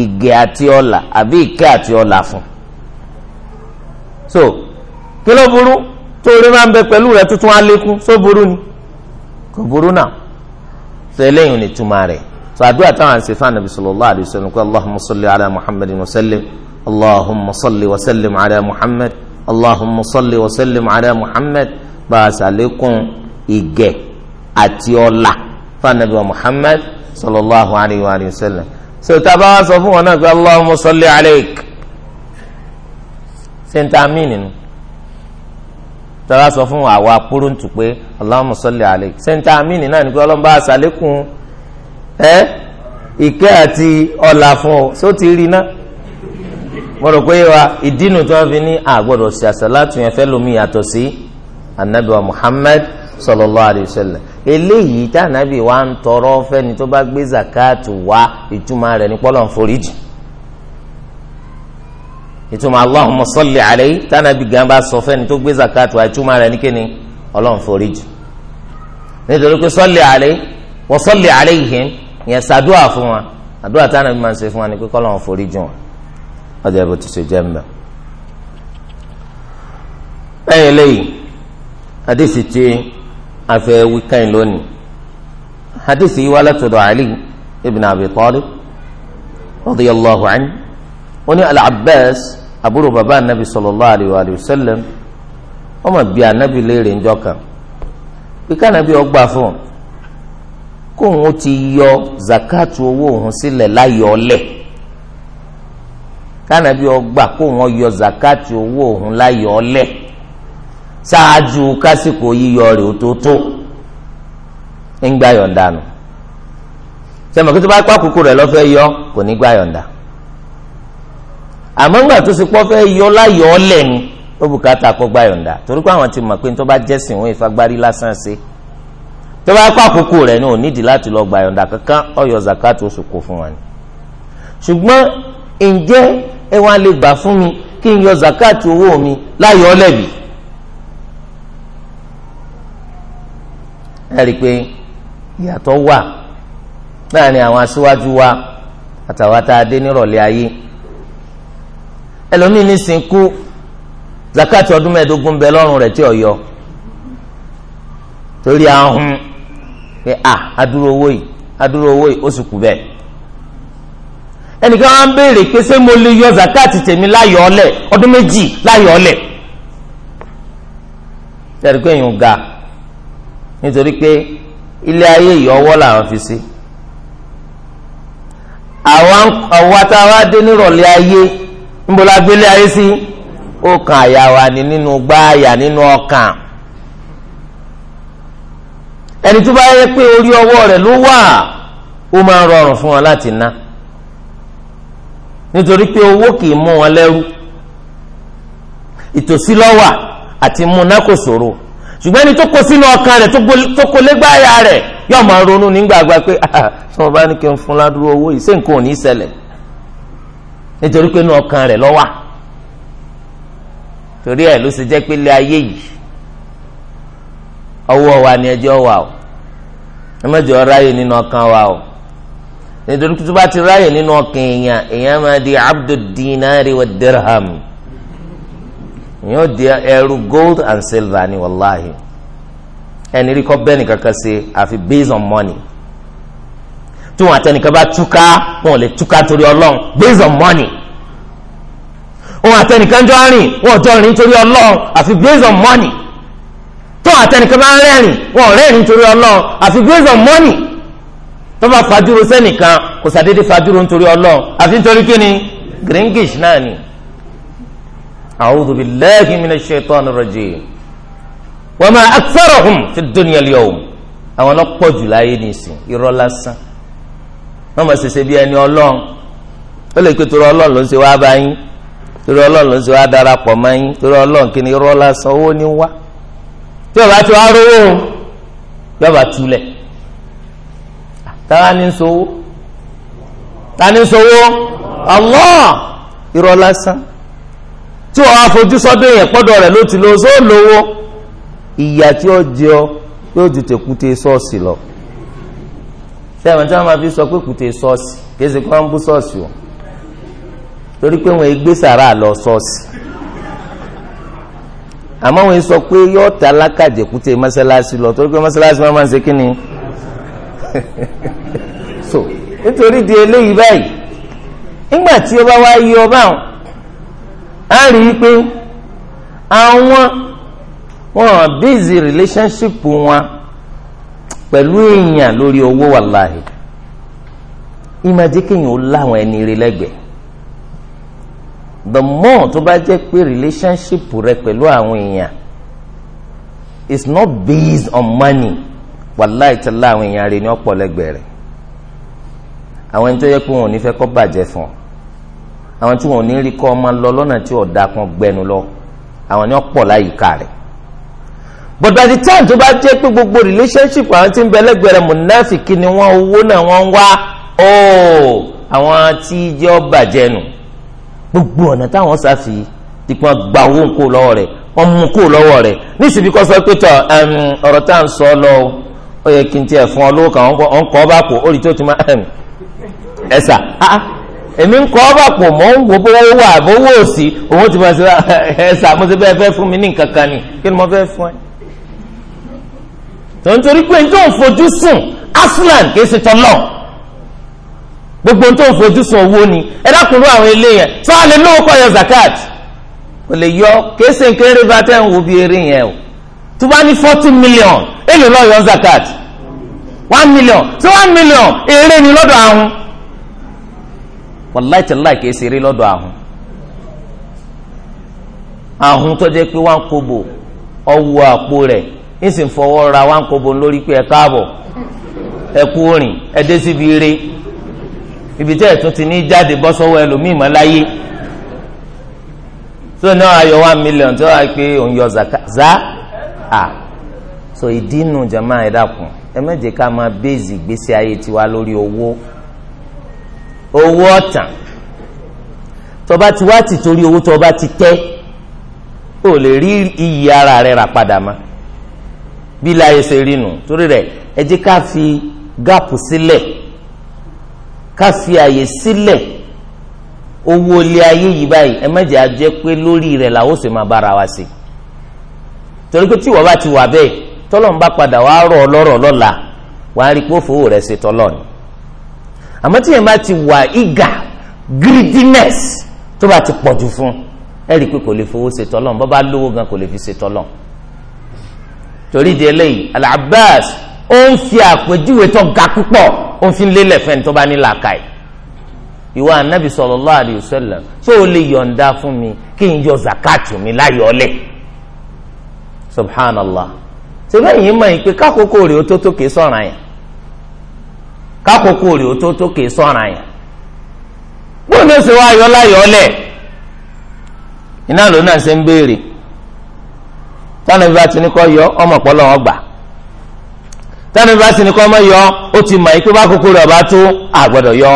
ìgẹ̀ àti ọ̀là àbí ìkẹ́ àti ọ̀là fún so kí ló burú tó orí máa ń bẹ pẹ̀lú rẹ tuntun àlékún só burú ni. So, kò burú náà sọ eléyìí ni túmọ̀ rẹ̀ sọ àdúrà táwọn àti sèfà nàbì sallallahu alaihi wasallam kó allahumma salli ala muhammadin wa sallim allahumma salli wa sallim ala muhammad allahumma salli wa sallim ala muhammad bá a sàlékún ìgẹ̀ àti ọlá fanabi wa muhammad sallallahu alayhi wa sallam so taba sọ fún wọn náà pé allahumma salli alayk sèntàmínì nù. tọ́lá sọ fún àwa púrúǹtù pé Allahumma salli alayhi sẹ́ńtà amínì náà ni pé ọlọ́run bá aṣàlékún ẹ́ ìkẹ́ àti ọ̀là fún ọ sọ ti rí mo rò pé wa ìdínú tí wọ́n fi ní àgbọ̀dọ̀ sí àṣàlátù yẹn fẹ́ lómi yàtọ̀ sí anabi wa Muhammad sallallahu eléyìí wa ń tọrọ fẹ́ni tó bá gbé wa ìtumọ̀ rẹ̀ ní ìtumọ̀ allahumma salli alayhi tánàbí gan bá sọ fẹ́ni tó gbé zakat wa ìtumọ̀ rẹ̀ nìkéni ọlọ́run foríjì nítorí pé salli alayhi wa salli alayhim yẹn sàdúà fún wa àdúà tánàbí máa ń ṣe fún wa ni pé kọ́lọ́run foríjì wọn ọjà ìbò ti ṣe jẹ́ mbẹ́. lẹ́yìn lẹ́yìn hadisi tí a fẹ́ lónìí hadisi yìí wá látọ̀dọ̀ ali ibn abi talib radiyallahu anhu ó ní al àbúrò bàbá anabi sallallahu alayhi wa sallam wọ́n mọ̀ bí anabi léèrè ńjọ́ kan pé kánabi ọgbà fún un kóun ti yọ zakatu owó òun sílẹ̀ láyọ̀ ọlẹ̀ kánabi ọgbà kóun ó yọ zakatu owó òun láyọ̀ ọlẹ ṣáájú kásìkò yíyọ rẹ̀ òtótó ń gbà yọ̀ǹda nù sẹ́mi kí tó bá kó àkókò rẹ̀ lọ́fẹ́ yọ kò ní gbà yọ̀ǹda. àmọ́ ńgbà tó ṣe pọ́ fẹ́ yọ láyọ̀ ọ́lẹ̀ ni ó bùkátà kó gba yọ̀ǹda torí pé àwọn ti mọ̀ pé tó bá jẹ́sìn wọn ìfagbárí lásán ṣe tó bá kó àkókò rẹ̀ ni ò nídìí láti lọ gba yọ̀ǹda kankan ọ̀yọ̀ zakat oṣù kò fún wa ni. ṣùgbọ́n ǹjẹ́ ẹ wá lè gbà fún mi kí n yọ zakat owó mi láyọ̀ ọ́lẹ̀ bì? ẹ rí i pé ìyàtọ̀ wà láàrin àwọn aṣíwájú wa àtàwọn tá a nírọ̀lẹ́ ayé ẹlòmíín ní sìnkú zakati ọdún mẹ́ẹ̀ẹ́dógún bẹ lọ́rùn rẹ̀ tí ọ̀yọ́ torí ahun pé a adúró owó yìí adúró owó yìí ó sì kú bẹ́ẹ̀ ẹnìkan wá ń béèrè pé ṣé mo lè yọ zakati tèmi láyọ̀ ọlẹ̀ ọdún méjì láyọ̀ ọlẹ̀ ẹ̀rí pé èèyàn ga nítorí pé ilé ayé ìyọwọ́ làwọn fi sí àwọn àwa tá a nírọ̀lẹ́ ayé. ńbọlá gbélé ayé sí ó kan àyà wa ni nínú gbáàyà nínú ọkàn ẹni tó bá yẹ pé orí ọwọ́ rẹ̀ ló wà ó máa ń fún wọn láti ná nítorí pé owó kìí mú wọn lẹ́rú ìtòsí lọ́wà àti múná kò ṣòro ṣùgbọ́n ẹni tó kó sínú ọkàn rẹ̀ tó kó rẹ̀ yóò máa ronú nígbàgbà pé ah, bá ní kí n fún owó yìí ṣé nǹkan nítorí pé inú ọkàn rẹ̀ ló wà torí ẹ̀ ló ṣe jẹ́ pé ilé ayé yìí ọwọ́ wa ni ẹjọ́ wà o ẹ mẹ́jọ ráyè nínú ọkàn wa o nítorí tó bá ti ráyè nínú ọkàn èèyàn èèyàn máa di abdul dinari wa dirham yóò di ẹrú gold and silver ni wàláhì ẹni rí kọ́ bẹ́ẹ̀ ni kankan ṣe àfi based on money tí wọn àtẹnìkan bá túká wọn ò lè túká torí ọlọ́run based on money wọn àtẹnìkan jọ rìn wọn ò jọ rìn torí ọlọ́run àfi based on money tó àtẹnìkan bá rẹ́rìn wọn ò rẹ́rìn torí ọlọ́run àfi based on money tó bá fàdúró sẹ́nìkan kò sàdédé fàdúró nítorí ọlọ́run àfi nítorí kí ni gringish náà ni. a'udhu billahi minash shaitanir rajim wa ma aktharuhum fid dunya al-yawm àwọn ọlọ́pọ̀ jù láyé nìsín irọ́ lásán wọ́n mọ̀ ṣẹṣẹ bí ẹni ọlọ́run ó lè pe torí ọlọ́run ló ń ṣe wá bá yín torí ọlọ́run ló ń ṣe wá darapọ̀ mọ́ yín torí ọlọ́run kí ni irọ́ lásán owó ní wá tí ọba tí wàá rówó yọba túlẹ̀ táwa ní ń sowó táwa ní Allah irọ́ lásán tí wọ́n afojú sọ́dọ̀ yẹn pọ́dọ̀ rẹ̀ ló ti lọ sóò lówó ìyà tí ó jẹ ọ yóò ju tèkúté sọ́ọ̀sì lọ sẹ́wọ̀n tí wọ́n máa fi sọ pé kùtè sọ́ọ̀sì kìí ṣe kí wọ́n bú sọ́ọ̀sì o torí pé wọ́n gbé sàrà lọ sọ́ọ̀sì àmọ́ wọ́n sọ pé yóò ta alákàjẹ́ kùtè mọ́sálásí lọ torí pé mọ́sálásí máa ń ṣe kí ni so nítorí di eléyìí báyìí nígbà tí ó bá wá yí ọba àwọn á rí i pé àwọn wọn bíìsì relationship wọn. pẹ̀lú èèyàn lórí owó wàláhì ìmọ̀ jẹ́ kéèyàn ó láwọn ẹni rí lẹ́gbẹ̀ẹ́ the more tó bá jẹ́ pé relationship rẹ pẹ̀lú àwọn èèyàn is not based on money wàláhì tí láwọn èèyàn rí ní ọ̀pọ̀ lẹ́gbẹ̀ẹ́ rẹ̀ àwọn ẹni tó yẹ pé wọn ò ní fẹ́ kó bàjẹ́ fún ọ àwọn tí wọn ò ní rí kó ọmọ lọ lọ́nà tí ọ̀dà kan gbẹnu lọ àwọn ni ọ̀pọ̀ láyìíká rẹ̀ but by the time tó bá jẹ́ pé gbogbo relationship àwọn tí ń bẹ lẹ́gbẹ̀rẹ̀ mùnáfìkì ni wọ́n owó náà wọ́n wá ooo oh, àwọn tí jẹ́ bàjẹ́ nù gbogbo ọ̀nà táwọn sáfì tipa gba owó ńkó lọ́wọ́ rẹ̀ wọ́n mú kó lọ́wọ́ rẹ̀ níṣìbí kọ́ sọ pé tọ̀ ọ̀rọ̀ tá à ń sọ lọ ó yẹ kí n tiẹ̀ fún ọ lówó kan ọ̀n kọ́ bá kò ó rí tó ti máa ẹ̀sà èmi ń kọ́ bá pò mọ́ ń wo bówó wà bówó òsì òun ti máa ṣe ẹ̀sà mo ti bẹ́ẹ̀ fẹ́ fún mi ní nǹkan kan ni kí ni mo fẹ́ fún ẹ tó ń torí pé nítorí òfojú sùn aslan kìí ṣe gbogbo nítorí òfojú sùn owó ni ẹ dákùnrú àwọn eléyẹn tó a lè lówó kọ́ yọ zakat kò lè yọ kìí ṣe bá ń wo bí eré o tó bá ní million yọ zakat one million one million eré ni lọ́dọ̀ àwọn kìí ń sì ń fọwọ́ ra wá ń kobo lórí pé ẹ káàbọ̀ ẹ kú òrìn ẹ dé síbi eré ibi tí ẹ tún ti ní jáde bọ́ sọ́wọ́ ẹlòmíì mọ́ láyé so náà ayọ̀ one million tí wọ́n á pé òun yọ zá à so ìdínú jama ẹ dákun ẹ má jẹ́ ká máa béèzì gbèsè ayé tiwa lórí owó owó ọ̀tàn tọba ti wá ti torí owó tọba ti tẹ́ ò lè rí iyì ara rẹ̀ rà padà máa bí láyé ṣe rí nù torí rẹ̀ ẹ jẹ́ ká fi gáàpù sílẹ̀ ká fi àyè sílẹ̀ owó ilé ayé yìí báyìí ẹ má jẹ́ ajẹ́ pé lórí rẹ̀ làwọn sì máa bára wa sí torí pé tí ìwọ bá ti wà bẹ́ẹ̀ tọ́lọ́n bá padà wá rọ̀ ọlọ́rọ̀ lọ́la wàá rí pé ó fowó rẹ̀ ṣe tọ́lọ́ọ̀nù àmọ́ tí yẹn bá ti wà ìgà greediness tó bá ti pọ̀jù fún ẹ rí i pé kò lè fowó ṣe tọ́lọ́ọ̀nù bọ́ bá lówó gan kò lè fi ṣe tọ́lọ́ọ̀nù torí di eléyìí Al-Abbas ó ń fi àpèjúwe tó ga púpọ̀ ó ń fi lélẹ̀ fẹ́ni tó bá ní làákàyè ìwà anabi sallallahu alayhi tó o lè yọ̀ǹda fún mi kí n yọ zakatu mi láyọ̀ọ́lẹ̀ subhanallah sebe yìí mọ̀ yìí pé kákòókò rè ó tó tó kè sọ̀ràn yẹn kákòókò rè ó tó tó kè sọ̀ràn yẹn bóun ló ṣe wá yọ láyọ̀ọ́lẹ̀ iná ló náà ṣe ń béèrè tánàbí bá ti ní kọ́ yọ ọmọ ọ̀pọ̀lọ́ ọgbà tánàbí bá ti ní kọ́ ọmọ yọ ó ti mọ̀ ikú bá kúkú rẹ̀ ọba tó àgbọ̀dọ̀ yọ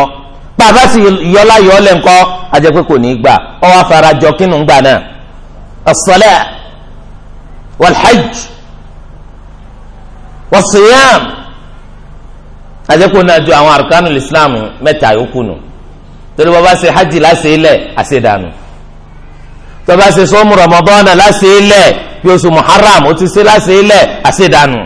bàbá sì yọ láyọ̀ ọ́ lẹ́ńkọ́ ajẹ́pẹ́ kò ní í gbà ọ wá fara jọ kínú gbà náà as-salat wal-hajj was-siyam náà ju àwọn arkanu islam mẹ́ta yòókù nù torí bàbá ṣe hajj láṣẹ ilẹ̀ àṣẹ dànù tọba ṣe sọmu Ramadan láṣẹ ilẹ bí oṣù Muharram o ti ṣe láṣẹ ilẹ àṣedànù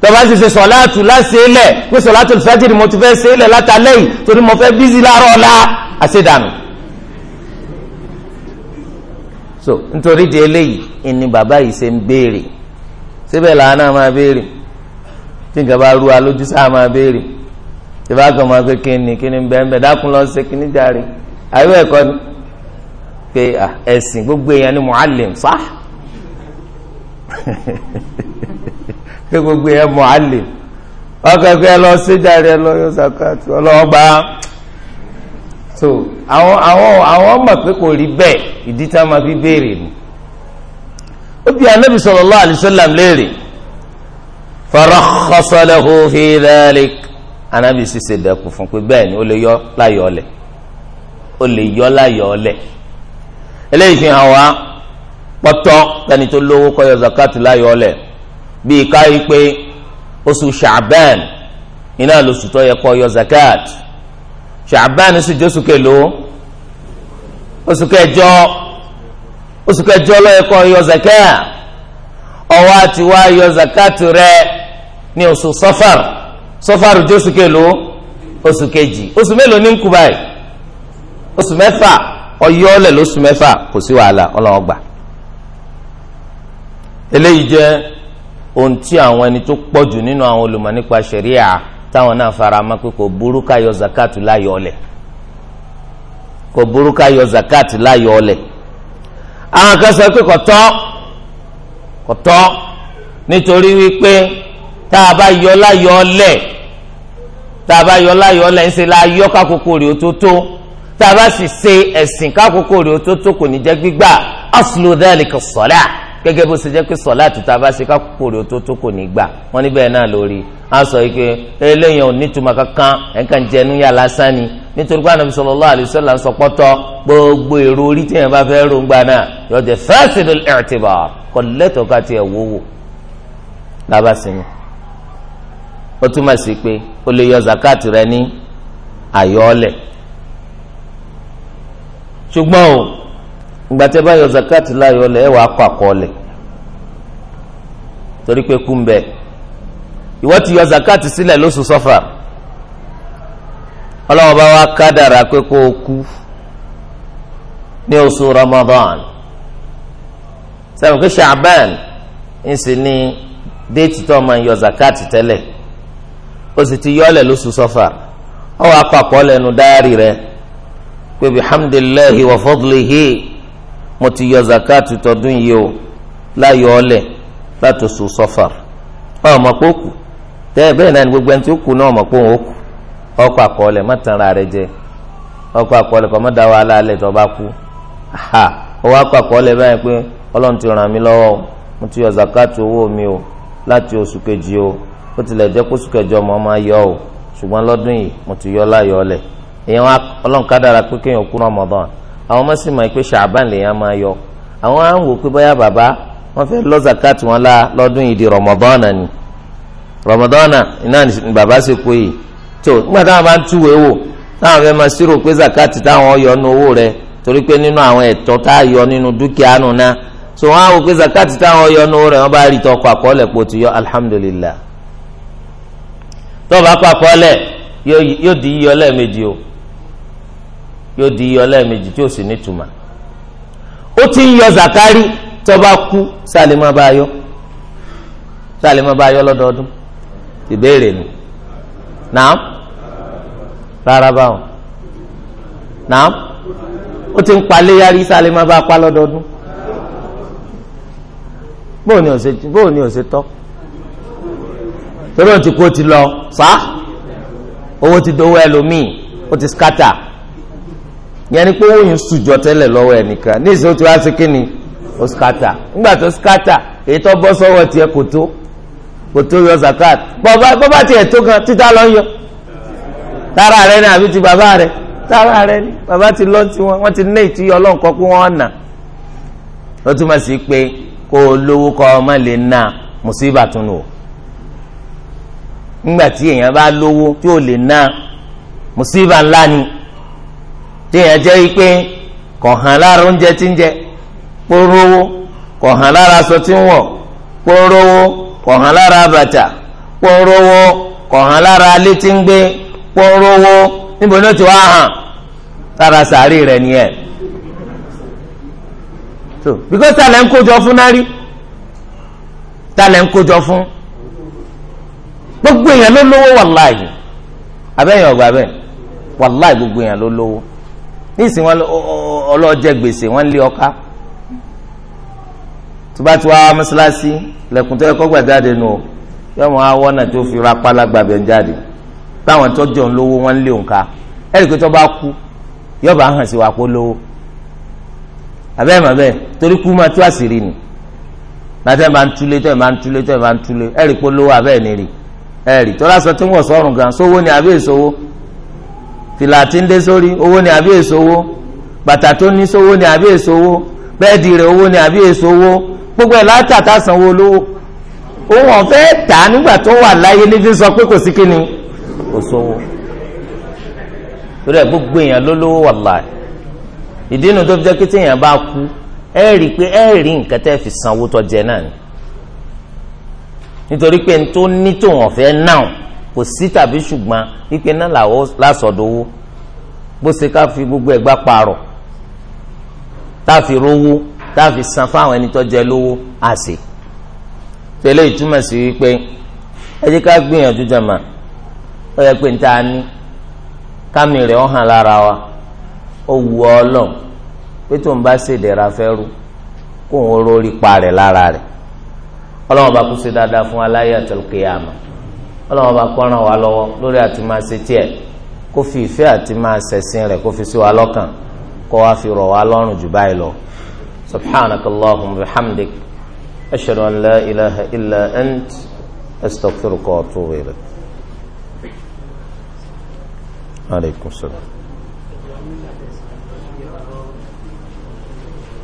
tọba ṣe ṣe sọláàtù láṣẹ ilẹ pé sọláàtù fẹjìrì mo ti fẹ ṣe ilẹ látàlẹ yìí torí mo fẹ bízí láàárọ̀ ọ̀la àṣedànù. so nítorí di eléyìí ìní bàbá yìí ṣe ń béèrè síbẹ̀ làwọn náà máa béèrè tí nǹkan bá rú wa lójú sáà máa béèrè tí máa pé kí ni bẹ́ẹ̀ bẹ́ẹ̀ dákun lọ́ọ́ ṣe jàre àyẹ̀wò ẹ̀kọ́ ni pé ẹ̀sìn gbogbo èèyàn ni mu'allim sá pé gbogbo èèyàn mu'allim ọkọ̀ọ̀kọ̀ ẹ lọ síjàre ẹ lọ yóò sàkàtì ọlọ́ọ̀bá so àwọn àwọn àwọn mọ̀ pé kò rí bẹ́ẹ̀ ìdí tá a máa fi béèrè ni ó bi anabi sallallahu alaihi wasallam léèrè farakhasa lahu fi sì ṣe dẹ́kun fún pé bẹ́ẹ̀ ni ó lè yọ láyọ̀ ọ̀lẹ̀ o lè yọ láyọ̀ ọ̀lẹ̀ eléyìí fi hàn wá pọ́tọ́ kẹ́ni tó lówó kó yọ zakat láyọ̀ ọ̀lẹ̀ bíi káyí pé oṣù ṣàbẹ́n iná lóṣù tó yẹ kó yọ zakat ṣàbẹ́n sì jẹ́ oṣù kẹlò oṣù kẹjọ oṣù kẹjọ ló yẹ kó yọ zakat ọwọ́ àti wá yọ zakat rẹ ní oṣù sọ́fàr sọ́fàr jẹ́ oṣù kẹlò oṣù kejì oṣù mélòó ní nkú oṣù mẹ́fà ọyọ́lẹ̀ lóṣù mẹ́fà kò sí wàhálà ọlọ́wọ́ gbà eléyìí jẹ́ ohun tí àwọn ẹni tó pọ̀jù nínú àwọn olùmọ̀ nípa ṣẹ̀ríà táwọn náà fara mọ́ pé kò burú ká yọ zakat láyọ̀ ọ̀lẹ̀ kò burú ká yọ zakat láyọ̀ ọ̀lẹ̀ àwọn kan sọ pé kò tọ́ nítorí wípé tá a bá yọ láyọ̀ tá a bá yọ láyọ̀ ọ̀lẹ̀ láyọ̀ kákòókò rè ó tó tó tàbá sì ṣe ẹ̀sìn kákòókò rẹ̀ tó tó kò ní jẹ́ gbígbà aslu dhalika as-salah gẹ́gẹ́ bó ṣe jẹ́ pé sọ̀lá àti tàbá ṣe kákòókò rẹ̀ tó tó kò ní gbà wọ́n ní bẹ́ẹ̀ náà lórí a sọ yìí pé eléyìí ò nítumọ̀ kankan ẹ̀ǹkan jẹnu yà lásán ni nítorí pé anabi sallallahu alaihi wasallam sọ pọ́tọ́ gbogbo èrò orí tí yẹn bá fẹ́ rò ń gbà náà yọjẹ fasidul i'tibar kọ́ lẹ́tọ̀ọ́ ká tiẹ̀ wówó lábá sinmi ó túmọ̀ sí pé o lè yọ zakat rẹ ní àyọ́ọ̀lẹ̀ ṣùgbọ́n o ìgbàtẹ́ báyọ̀ zakat láyọ̀ lẹ̀ ẹ̀ wàá kọ́ àkọọ́lẹ̀ torí pé kú ń bẹ ìwọ ti yọ zakat sílẹ̀ lóṣù sọ́fà ọlọ́wọ́ bá wá kádàrà pé kó o kú ní oṣù Ramadan sẹ́wọ̀n pé ṣàbán ń sì ní déètì tó máa yọ zakat tẹ́lẹ̀ o sì ti yọ ọ́ lẹ̀ lóṣù sọ́fà ọ wàá kọ́ àkọọ́lẹ̀ nu dáárì rẹ̀ pé bihamdillahi wa fadlihi mo ti yọ zakati tọdún yìí o láyọ ọlẹ láti oṣù sọfà ọmọ pé ó kù tẹ bẹ́ẹ̀ náà ni gbogbo ẹni tí kù náà ọmọ pé òun ọkọ má kọ má da wàhálà alẹ tó bá ha ọwọ akọ báyìí pé ti ràn mí mo ti yọ zakati o láti oṣù kejì o ó tilẹ̀ jẹ́ ọmọ o ṣùgbọ́n lọ́dún yìí mo ti yọ èèyàn ọlọ́run ká dára pé kéèyàn kú Ramadan àwọn ọmọ sì mọ̀ pé ṣàbán lèèyàn máa yọ àwọn á ń wò pé bóyá bàbá wọ́n fẹ́ lọ zakat wọn la lọ́dún yìí di Ramadan ni Ramadan náà ni bàbá sì kú yìí tó nígbà táwọn bá ń túwèé wò táwọn fẹ́ máa ṣírò pé zakat táwọn yọ nu owó rẹ̀ torí pé nínú àwọn ẹ̀tọ́ tá a yọ nínú dúkìá nù náà so wọn á wò pé zakat táwọn yọ nu owó rẹ̀ wọ́n bá rí tọkọ àkọọ́lẹ̀ pò ti yóò di yọ lẹ́ẹ̀mejì tí ó sì ní tuma ó ti ń yọ zakari tó ku kú sálẹ̀ má bá yọ sálẹ̀ má bá yọ lọ́dọọdún ìbéèrè ni naam rárá báwọn naam ó ti ń palẹ̀ yárí sálẹ̀ má bá pa lọ́dọọdún bóò ni òsè bóò ni òsè tọ́ torí ó ti kú ó ti lọ sá owó ti dowó ẹlòmíì ó ti skata. yẹn ni pé owó yìí ń sùjọ tẹ́lẹ̀ lọ́wọ́ ẹnìkan ní ìsìn ti wá sí skata ńgbà tó skata èyí tó bọ́ kò tó kò tó yọ zakat kan títà lọ yọ tara rẹ ni àbí ti bàbá rẹ tara rẹ ni bàbá ti lọ tiwọn wọn ti ní ìtúyọ nà ó túmọ̀ sí pé kó o lówó kọ́ lè tún nù o tí èèyàn bá lówó tí ò téèyàn jẹ́ ipé kò hàn lára oúnjẹ tí ń jẹ kpórówó kò hàn lára aṣọ tí ń wọ̀ kpórówó kò hàn lára bàtà kpórówó kò hàn lára alé tí ń gbé kpórówó níbo ni ó ti wá hàn lára fún náà rí talẹ̀ ń kójọ fún gbogbo èèyàn gbogbo èèyàn ló nísìnyí wọn ọlọ́jẹ gbèsè wọn lé ọká tó bá ti wá mọ́sálásí lẹ́kùn tó yẹ kó gbà jáde nù o yọ mọ àwọn ọ̀nà tó fi ra pálá gbàgbẹ́ jáde báwọn tó jọ wọn lé òǹkà ẹ̀rí tó bá kú yọba hàn sí wa kó lówó abẹ́ mọ̀ bẹ́ẹ̀ torí kú máa tú àṣírí ni nàtẹ́ máa ń túlé tẹ́ máa ń túlé tẹ́ máa ń túlé ẹ̀rí lówó abẹ́ ni rí ẹ̀rí tọ́lá sọ tí wọ́n sọ̀rùn gan sówó ni àbí èsòwó fìlà tí ń dé sórí owó ni àbí èso owó bàtà tó ní sówó ni àbí èso owó bẹ́ẹ̀dì rẹ̀ owó ni àbí èso owó gbogbo ẹ̀ látàtà sanwó olówó òun ọ̀fẹ́ tà nígbà tó wà láyé ní fi sọ pé kò sí kíni kò sówó torí ẹ̀ gbogbo èèyàn ló lówó wàláì ìdí inú tó fi jẹ́ kí téèyàn bá kú ẹ rí i pé ẹ rí nǹkan tẹ́ fi sanwó tó jẹ náà ni nítorí pé n tó ní tòun ọ̀fẹ́ náà kò sí tàbí ṣùgbọ́n wípé náà lásọdowó bó ṣe ká fi gbogbo ẹgbà parọ́ tá a fi rówó tá a fi san fáwọn ẹni tó jẹ lówó àṣẹ tẹ́lẹ̀ ìtumọ̀ sí wípé ẹ jẹ́ ká gbìyànjú jàmà ó yẹ pé níta ní kámi rẹ̀ ó hàn lára wa ó wù ọ́ lọ pé tó ń bá ṣèdẹ̀ra fẹ́ kó ń rórí pa rẹ̀ lára rẹ̀ ọlọ́run bá kú sí dáadáa fún aláyàtul qiyamah ọlọ́wọ́n bá kọ́ ràn wá lọ́wọ́ lórí àti máa ṣe tiẹ̀ kó fi ìfẹ́ àti máa ṣẹ̀sìn rẹ̀ kó fi sí wa lọ́kàn kó wá fi rọ̀ wá lọ́rùn jù báyìí lọ. subhanaka allahumma wa hamdik ashhadu an la ilaha illa ant astaghfiruka wa atubu ilayk. aleykum salaam.